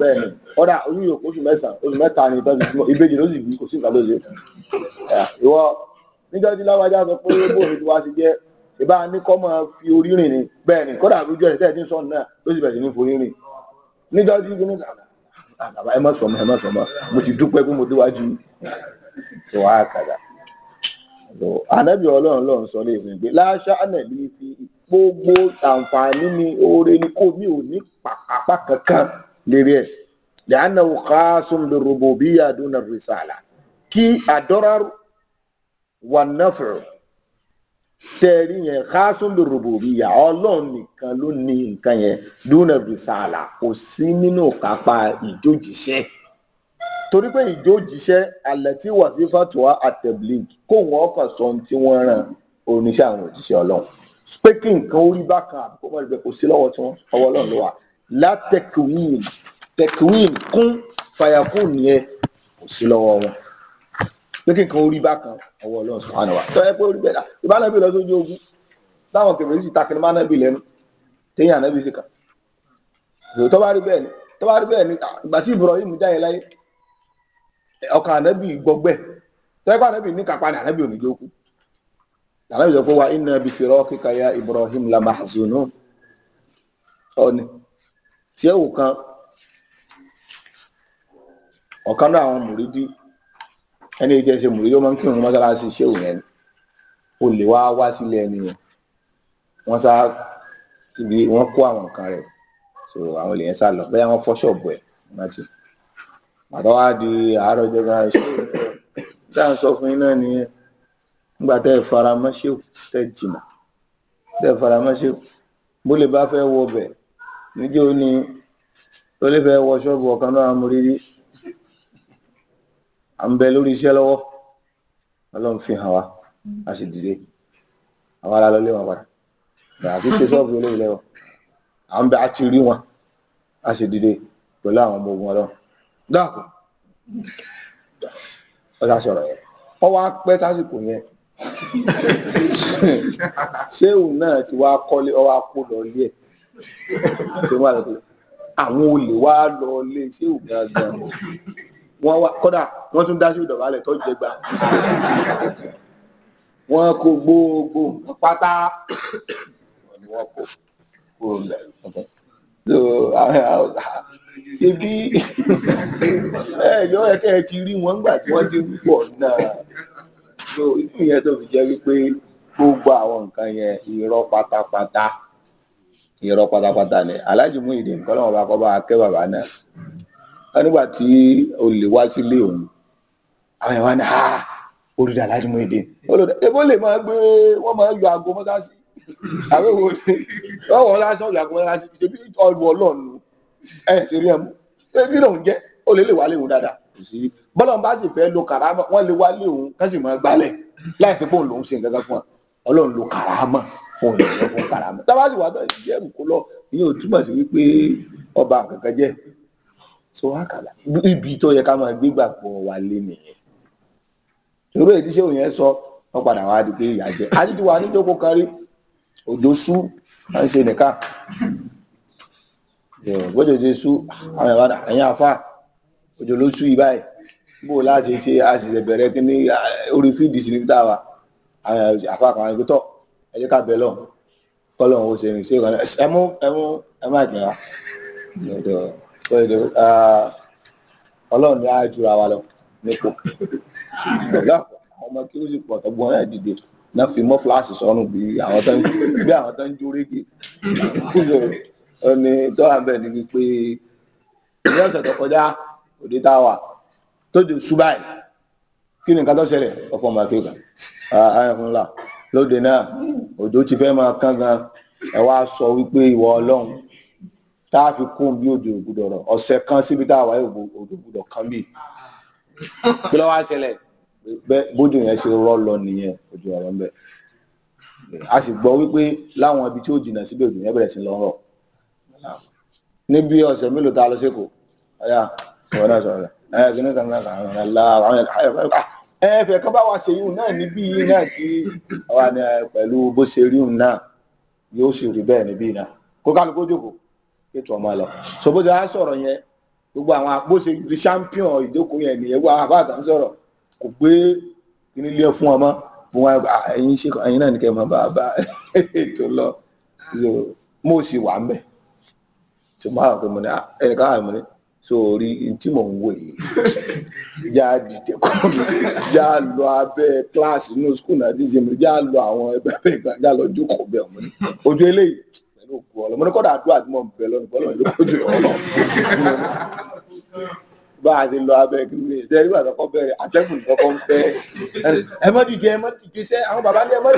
bẹ́ẹ̀ ni ọ̀dà oyún yòókù oṣù mẹ́sàn-án oṣù mẹ́ta ni ìtọ́jú ìtumọ̀ ìbejì ló sì bí kò sí nǹkan ló ṣe ìwọ níjọ́ tí láwájá sọ pé bó omi ti wá sí jẹ́ ìbá ní kọ́ máa fi orí rìn ni bẹ́ẹ̀ ni kọ́dà àbújọ ẹ̀ tẹ́ẹ̀ tí ń sọ náà ló sì bẹ̀rẹ̀ sí ní forí rìn níjọ́ tí kí ní àbá ẹ má sọ mọ́ ẹ má sọ mọ́ mo ti dúpẹ́ pé mo déwájú ìwà àkàdà ànábì ọlọ́run lọ́run sọ lé ìwé gbé láṣá ànàbí fi ì gbogbo àǹfààní ni oore ni kò mí ò ní apá kankan lérí ẹ̀ lẹ́yìn ọ̀ká sunbi rububiyyah duna risala kí àdọ́rárù wà náfẹ̀ẹ́ tẹ́ẹ̀rí yẹn ká sunbi rububiyyah ọlọ́run nìkan ló ní nǹkan yẹn duna risala kò sí nínú kápá ìjójìṣẹ́ torí pé ìjójìṣẹ́ alẹ́ tí wàsífàtúwà àtẹ̀blík kó wọn kàn sọ ohun tí wọ́n rán oníṣẹ́ àwọn òjíṣẹ́ ọlọ́run pé kí nǹkan ó rí bákan àbí kó má rí bẹ́ẹ̀ kò sí lọ́wọ́ tí wọ́n ọwọ́ Ọlọ́run ló wà látẹkùwìn tẹkùwìn kún fàyàkùn nìyẹn kò sí lọ́wọ́ wọn pé kí nǹkan ó rí bákan ọwọ́ Ọlọ́run sọ àná wa tó yẹ pé ó rí bẹ́ẹ̀ dà ìbánabi lọ sójú ogun táwọn kẹfìrí sì takìní má nábì lẹ́nu téèyàn ànábì sì kà tó bá rí bẹ́ẹ̀ ni tó bá rí bẹ́ẹ̀ ni ìgbà tí Ibrahim jáde láyé ọkàn ànábì gbọgbẹ́ tó yẹ pé ànábì ní kápá ni ànábì ò ní jókòó àlọ́ ìjọba wa inna bi firaqika ya Ibrahim la mahzunun ọ̀ni ṣéwù kan ọ̀kan náà àwọn mùrídì ẹni ìjẹ́ ṣe mùrídì ó máa ń kírun mọ́ṣáláṣí ṣéwù yẹn ó lè wá wá sílé ẹni yẹn sá ibi wọ́n kó àwọn nǹkan rẹ̀ so àwọn olè yẹn sá lọ bẹ́ẹ̀ wọ́n fọ́ ṣọ̀bù ẹ̀ láti àtọ́wá di ìjọba ṣéwù yẹn dáhùn sọ fún yín nìyẹn nígbà tẹ́ fara mọ́ ṣéwù tẹ́ jìnnà tẹ́ ẹ fara mọ́ ṣéwù bó lè bá fẹ́ wọ bẹ̀ níjẹ́ ó ní ó lè fẹ́ wọ ṣọ́ọ̀bù ọ̀kan náà amúrírí à ń bẹ lórí iṣẹ́ lọ́wọ́ ọlọ́run fi hàn wá a sì dìde àwọn ará lọlé wọn padà àti ṣe ṣọ́ọ̀bù olóyè lẹ́wọ̀ à ń bẹ àti rí wọn a sì dìde pẹ̀lú àwọn ọmọ ogun ọlọ́run dáàkú ọ̀sà sọ̀rọ̀ yẹn ọwọ́ apẹ́ sásìkò yẹn ṣéun náà ti wá kọ́lé ọwọ́ akó lọ lé ẹ̀ ṣéun wà lọ́kọ́ àwọn olè wá lọ lé ṣéun gangan wọ́n wá kọ́dà wọ́n tún dá sí ìdọ̀bálẹ̀ tó jẹ gba wọ́n kó gbogbo pátá wọ́n ni wọ́n kó kúrò lẹ́yìn so ṣe bí ẹ yọ ẹ kẹ́ ẹ ti rí wọn gbà tí wọ́n ti ń pọ̀ náà so ìdí nìyẹn tó fi jẹ́ wípé gbogbo àwọn nǹkan yẹn irọ́ pátápátá irọ́ pátápátá ni aláàjì Muyideen nǹkan lọ́wọ́ bá kọ́ bá kẹ́ bàbá náà wọ́n nígbà tí olè wá sílé òun àwọn èèyàn wá ní ha olùdá aláàjì Muyideen olùdá ebó lè máa gbé wọ́n máa yọ àgọ́ mọ́sáàsì àwọn èèwọ̀ ni wọ́n wọ́n láti ọ̀yọ̀ àgọ́ mọ́sáàsì ṣe bí ọlù ọlọ́ọ̀nù ẹ̀ ṣe rí ẹ̀ mú kí lóun jẹ́ olè lè wà léwu dáadáa kù sí bọ́lọ̀ bá sì fẹ́ lo karama wọ́n lè wálé òun kán sì máa gbálẹ̀ láì fi pé òun lòún ṣe nǹkan fún wa ọlọ́run lo karama fún òun fún karama tá a bá sì wá tọ́jú jẹ́rù kó lọ ìyẹn ò túmọ̀ sí wípé ọba kankan jẹ́ so àkàlà ibi tó yẹ ká máa gbégbàgbọ́ wa lé nìyẹn torí èdè ṣé òun yẹn sọ wọn padà wá di pé ìyá jẹ àti ti wà níjókòó kan rí òjò sú à ń ṣe nìkan bójú ti sú àwọn ìwádà ẹ̀yìn afá òjò ló sú yìí báyìí bó o láti ṣe àṣìṣe bẹ̀rẹ̀ kí ní orí fídì sí níbi táwa àfàkàn àwọn ìgbésọ̀ ẹ jẹ́ ká bẹ̀ lọ kọ́lọ̀ ò ṣe ìrìnsẹ̀ ìkànnì ẹ mú ẹ mú ẹ má ìpínyà ọlọ́run ni á jura wa lọ nípò lọ́pọ̀ àwọn ọmọ kí ó sì pọ̀ tọ́gbọ́n náà dìde náà fi mọ́ fúláàsì sọ́nù bí àwọn tó ń bí àwọn tó ń jó rége kúzò ẹni tó wà bẹ́ẹ̀ ni wípé ní ọ̀sẹ̀ tó kọjá òde tá a wà tójú ṣùgbọ́n àì kí ni nǹkan tó ṣẹlẹ̀ ọ̀pọ̀ ọmọ akéwà ààrùn là lóde náà òjò ti fẹ́ máa kán gan ẹ wá sọ wípé ìwọ ọlọ́run tá a fi kún bí òjò ògùdọ̀ rọ̀ ọ̀sẹ̀ kan síbi tá a wà òjò ògùdọ̀ kan bì kí ló wá ṣẹlẹ̀ bójú yẹn ṣe rọ́ lọ nìyẹn ọ̀rọ̀ a sì gbọ́ wípé láwọn ibi tí ó jìnnà síbi òjò yẹn bẹ̀rẹ̀ sí lọ́rọ̀ níbi ọ̀sẹ̀ mélòó tá lọ sí Èkó ọ̀yà ẹ̀fẹ̀ kan bá wa ṣe yìí náà níbí yìí náà kí àwa ni pẹ̀lú bó ṣe rí òun náà yóò sì rí bẹ́ẹ̀ níbí náà kó kálukú jòkó ọmọ lọ so bó ṣe á yẹn gbogbo àwọn bó ṣe di champion ìdókòó yẹn nìyẹn kò gbé kíní lé fún ọmọ bó wọn ẹyin ṣe ẹyin náà ètò lọ mo wà ń tó pé mo ní sórí tí mò ń wò yìí yá dìde kọ́ọ̀dù yá lọ abẹ́ kíláàsì inú skul náà díje mi yá lọ àwọn ẹgbẹ́ abẹ́ ìgbà yá lọ jókòó bẹ́ẹ̀ ọmọ ní ojú eléyìí pẹ̀lú òkú ọlọ́mọ ní kọ́dà àdúrà tí mò ń bẹ lọ́nà bọ́lọ̀ ló kojú ọlọ́ bá a ṣe lọ abẹ́ kí ló ṣe ẹ̀rí bàtà kọ́ bẹ̀rẹ̀ àtẹ́kùn kọ́kọ́ ń fẹ́ ẹ mọ́ dìde ẹ mọ́ dìde sẹ́ àwọn bàbá ní ẹ mọ́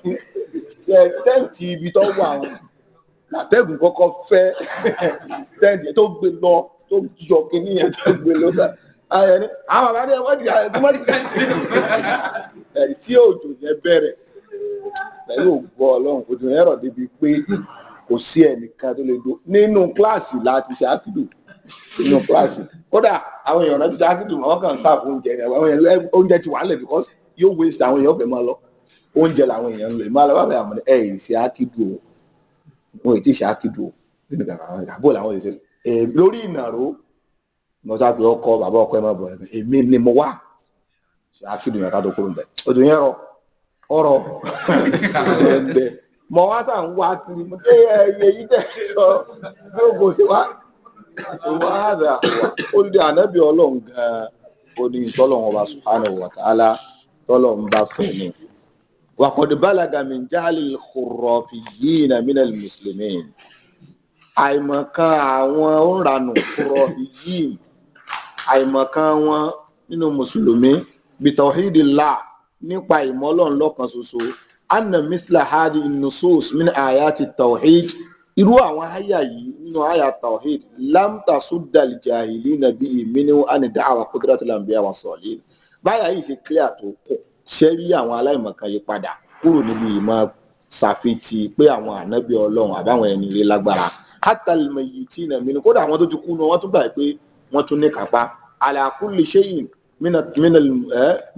dìde tẹ́ǹtì ibi tó wà wọn látẹ́gùn kọ́kọ́ fẹ́ tẹ́ǹtì tó gbé lọ tó yọ kínní yẹn tó gbé lọ bá ayẹ ní àwọn bàbá yẹn wọ́n di ayẹ tó mọ́tì ẹ̀rí tí òjò yẹn bẹ̀rẹ̀ pẹ̀lú ògbọ́ ọlọ́run òjò yẹn rọ̀ débi pé kò sí ẹnìkan tó lè do nínú kíláàsì láti ṣe àkìdù nínú kíláàsì kódà àwọn èèyàn náà ti ṣe àkìdù àwọn kan sáà fún oúnjẹ oúnjẹ ti wà lẹ̀ because yóò waste àwọn èèyàn ọbẹ̀ máa lọ oúnjẹ làwọn èèyàn lè máa lọ bàbá àwọn ẹ̀ ṣe àkìdù òun wọn ètí ìṣàkìdù nínú kàkà àbò làwọn lè ṣe lórí ìnàró mọ́tà ọkọ bàbá ọkọ ẹ má bọ̀ èmi ni mo wà ṣàkìdù yẹn ká kúrò ń bẹ̀ odò yẹn rọ ọrọ ẹgbẹ mọ wá sà ń wá kiri tẹ ẹ yìí tẹ sọ bí o kò ṣe wá ṣe wá rà ó di ànábì Ọlọ́run ó ọba bá fẹ́ وقد بلغ من جهل الخرافيين من المسلمين àìmọ̀kan àwọn òǹranù khurafiyyin àìmọ̀kan wọn nínú mùsùlùmí bitawhidillah nípa ìmọ̀lọ́n lọ́kan ṣoṣo anna mithla hadi nusus min ayati tawhid irú àwọn àyà yìí nínú àyà tawhid lam tasudda al-jahilina bihi minhu an da'wa qudratil anbiya was-salihin báyà yìí ṣe clear tó kù ṣẹ́rí àwọn aláìmọ̀kan yìí padà kúrò níbi ìmọ̀ ṣàfitì pé àwọn ànábì ọlọ́run àbáwọn ẹni rí lágbára hátàlímọ̀ yìí tí ìnà mi ni kódà àwọn tó ti kú nu wọ́n tún gbà pé wọ́n tún ní kápá àlàkùnlé ṣéyìn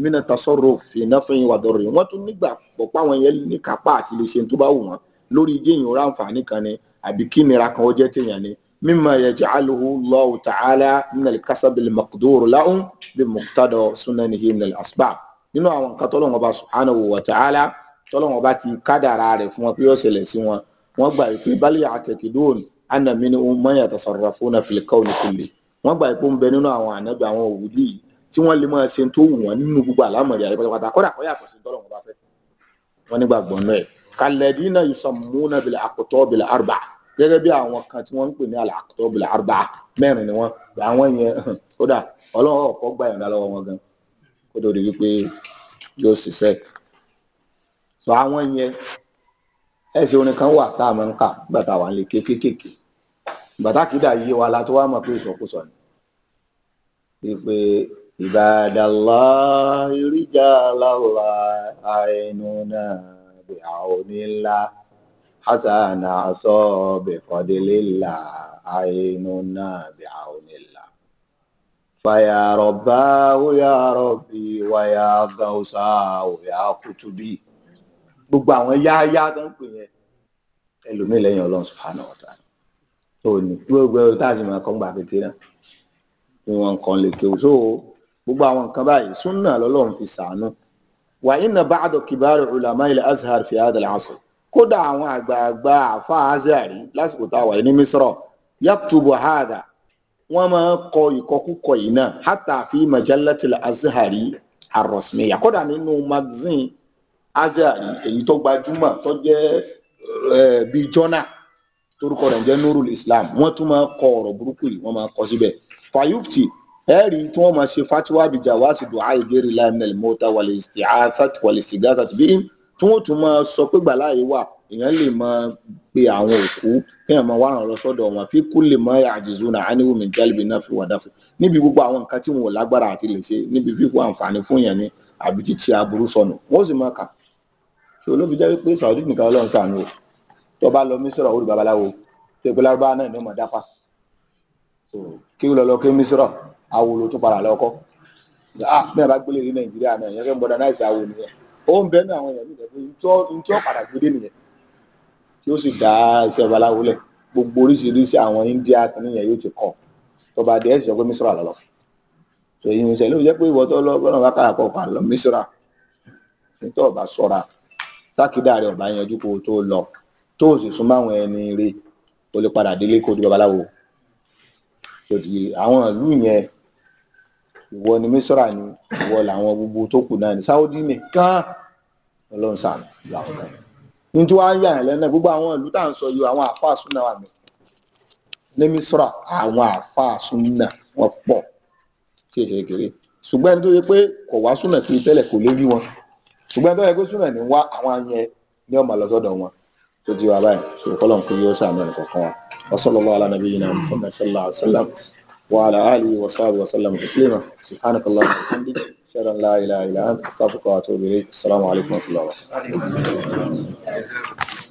mina tasọ̀rọ̀ fìnáfẹ́yìn wàdọ̀rẹ̀ wọ́n tún nígbà pọ̀pọ̀ àwọn yẹn ní kápá àti lè ṣe tó bá wù wọ́n lórí géèyàn ó ráǹfààní kan ni àbí kí nira kan ó jẹ́ téèyàn ni mímọ ẹ̀jẹ̀ alùhùlọ́ọ̀ tààlà nínú kásábìlì mọ̀kúdúró láhùn bí mọ̀kútàdọ̀ súnẹ́nìhìn nínú asbáàbù nínú àwọn nǹkan tọ́lọ́wọ́n ọba subhanahu wa ta'ala tọ́lọ́wọ́n ọba ti kádàrá rẹ̀ fún wọn pé yóò ṣẹlẹ̀ sí wọn wọ́n gbà pé bal ya'takidun anna minhum man yatasarrafuna fil kawni kulli wọ́n gbà pé ó ń bẹ nínú àwọn ànábì àwọn òwúlì tí wọ́n lè máa ṣe tó wù wọ́n nínú gbogbo àlámọ̀rí ayé pátápátá kódà kó yàtọ̀ sí tọ́lọ́wọ́n ọba fẹ́ wọ́n nígbàgbọ́ náà kalladina yusammuna bil aqtab bil arba'a gẹ́gẹ́ bí àwọn kan tí wọ́n ń pè ní ni wọ́n àwọn yẹn kódà ọlọ́wọ́ ọ̀kọ́ gbà yọ̀ǹda lọ́wọ́ wọn gan kó tó di wípé yóò ṣiṣẹ́ so àwọn yẹn ẹsẹ orin kan wà tá a máa ń kà nígbà tá a wà ń lè ké kéékèèké bàtà kìdá yé wa la tó wá mọ̀ pé ìsọkúsọ ni wípé ibadallah rijalallah àìnúnà bí àonílà hasana asọ bí fọdílélà àìnúnà bí àonílà. فيا رباه يا ربي ويا غوثاه يا قطبي gbogbo àwọn yáyá tó ń pè yẹn ẹlòmíì lẹ́yìn Ọlọ́run subhanahu wa ta'ala tó ní gbogbo ẹrù tá a sì máa kọ́ ń gbà kékeré náà ni wọn kàn lè kéwù so gbogbo àwọn nǹkan báyìí súnà lọ́lọ́run fi sàánú wa inna ba'da kibari ulama ilẹ̀ azhar fi hadha al kódà àwọn àgbààgbà àfa azhar lásìkò táwa ní misra yaktubu hadha wọ́n máa kọ ìkọkúkọ yìí náà hátà fi majalatil azhari arosmiya kódà nínú magazine azhari èyí tó gbajúmọ̀ tó jẹ́ bíi jọ́nà torúkọ rẹ̀ jẹ́ nurul islam wọ́n tún máa kọ ọ̀rọ̀ burúkú yìí wọ́n máa kọ síbẹ̀ fayufti ẹ̀rí tí wọ́n máa ṣe fatiwa bíi jawasi du'a igeri lamin mota wal isti'athati wal istigathati bíi tí wọ́n tún máa sọ pé gbàláyé wà èèyàn lè máa pe àwọn òkú kéèyàn máa wá ìrànlọ́ sọ́dọ̀ wọn fi kú lè máa àjùzùnà ánìwò mìjálìbì náà fi wàdà fún níbi gbogbo àwọn nǹkan tí wọn ò lágbára àti lè ṣe níbi fífọ àǹfààní fún yẹn ni àbí títí aburú sọnù wọn ó sì máa kà ṣe olóbi jẹ́ pé Saudi nìkan Ọlọ́run ṣàánú o tó bá lọ mísírà ó babaláwo tó ìpínlẹ̀ Lárúbáwá náà ni ó mọ̀ dápá kí ó lọ lọ kí mísírà awolo tó para lọ́kọ́ ah bí bá gbélé yóò sì dá iṣẹ́ babaláwo lẹ̀ gbogbo oríṣiríṣi àwọn India kìíní yẹn yóò ti kọ́ tọba adé ẹ̀ sọ pé mísírà lọ́lọ́ so èyí ìṣẹ̀lẹ̀ ò jẹ́ pé ìwọ tó lọ bọ́nà bá kára kọ̀ọ̀kan lọ mísírà nítorí ọba sọ́ra tákìdá rẹ̀ ọba yanjú kó tó lọ tó o sì súnmọ́ àwọn ẹni rè o lè padà délé kó di babaláwo tòdì àwọn ìlú yẹn ìwọ ni mísírà ni ìwọ làwọn gbogbo tó kù náà ni sáwọ́dí nìkan ọlọ́run sàn làwọn kan ní tí wàá yà lẹ́nu gbogbo àwọn ìlú tá à ń sọ yìí àwọn àfa súnà wà mẹ́ ní Misra àwọn àfa súnà wọn pọ̀ kékeré ṣùgbọ́n ẹni tó yẹ pé kò wá súnà kiri tẹ́lẹ̀ kò lórí wọn ṣùgbọ́n ẹni tó yẹ pé súnà ní wá àwọn yẹn ní ọmọ lọ́sọ̀dọ̀ wọn tó ti wá báyìí ṣòkòlò ń yóò sàánú ẹnì kọ̀ọ̀kan wa wa sallallahu ala nabiyyina Muhammad sallallahu alaihi wasallam. وعلى آله وصحبه وسلم تسليما سبحانك اللهم وبحمدك أشهد أن لا إله إلا أنت أستغفرك وأتوب إليك السلام عليكم ورحمة الله وبركاته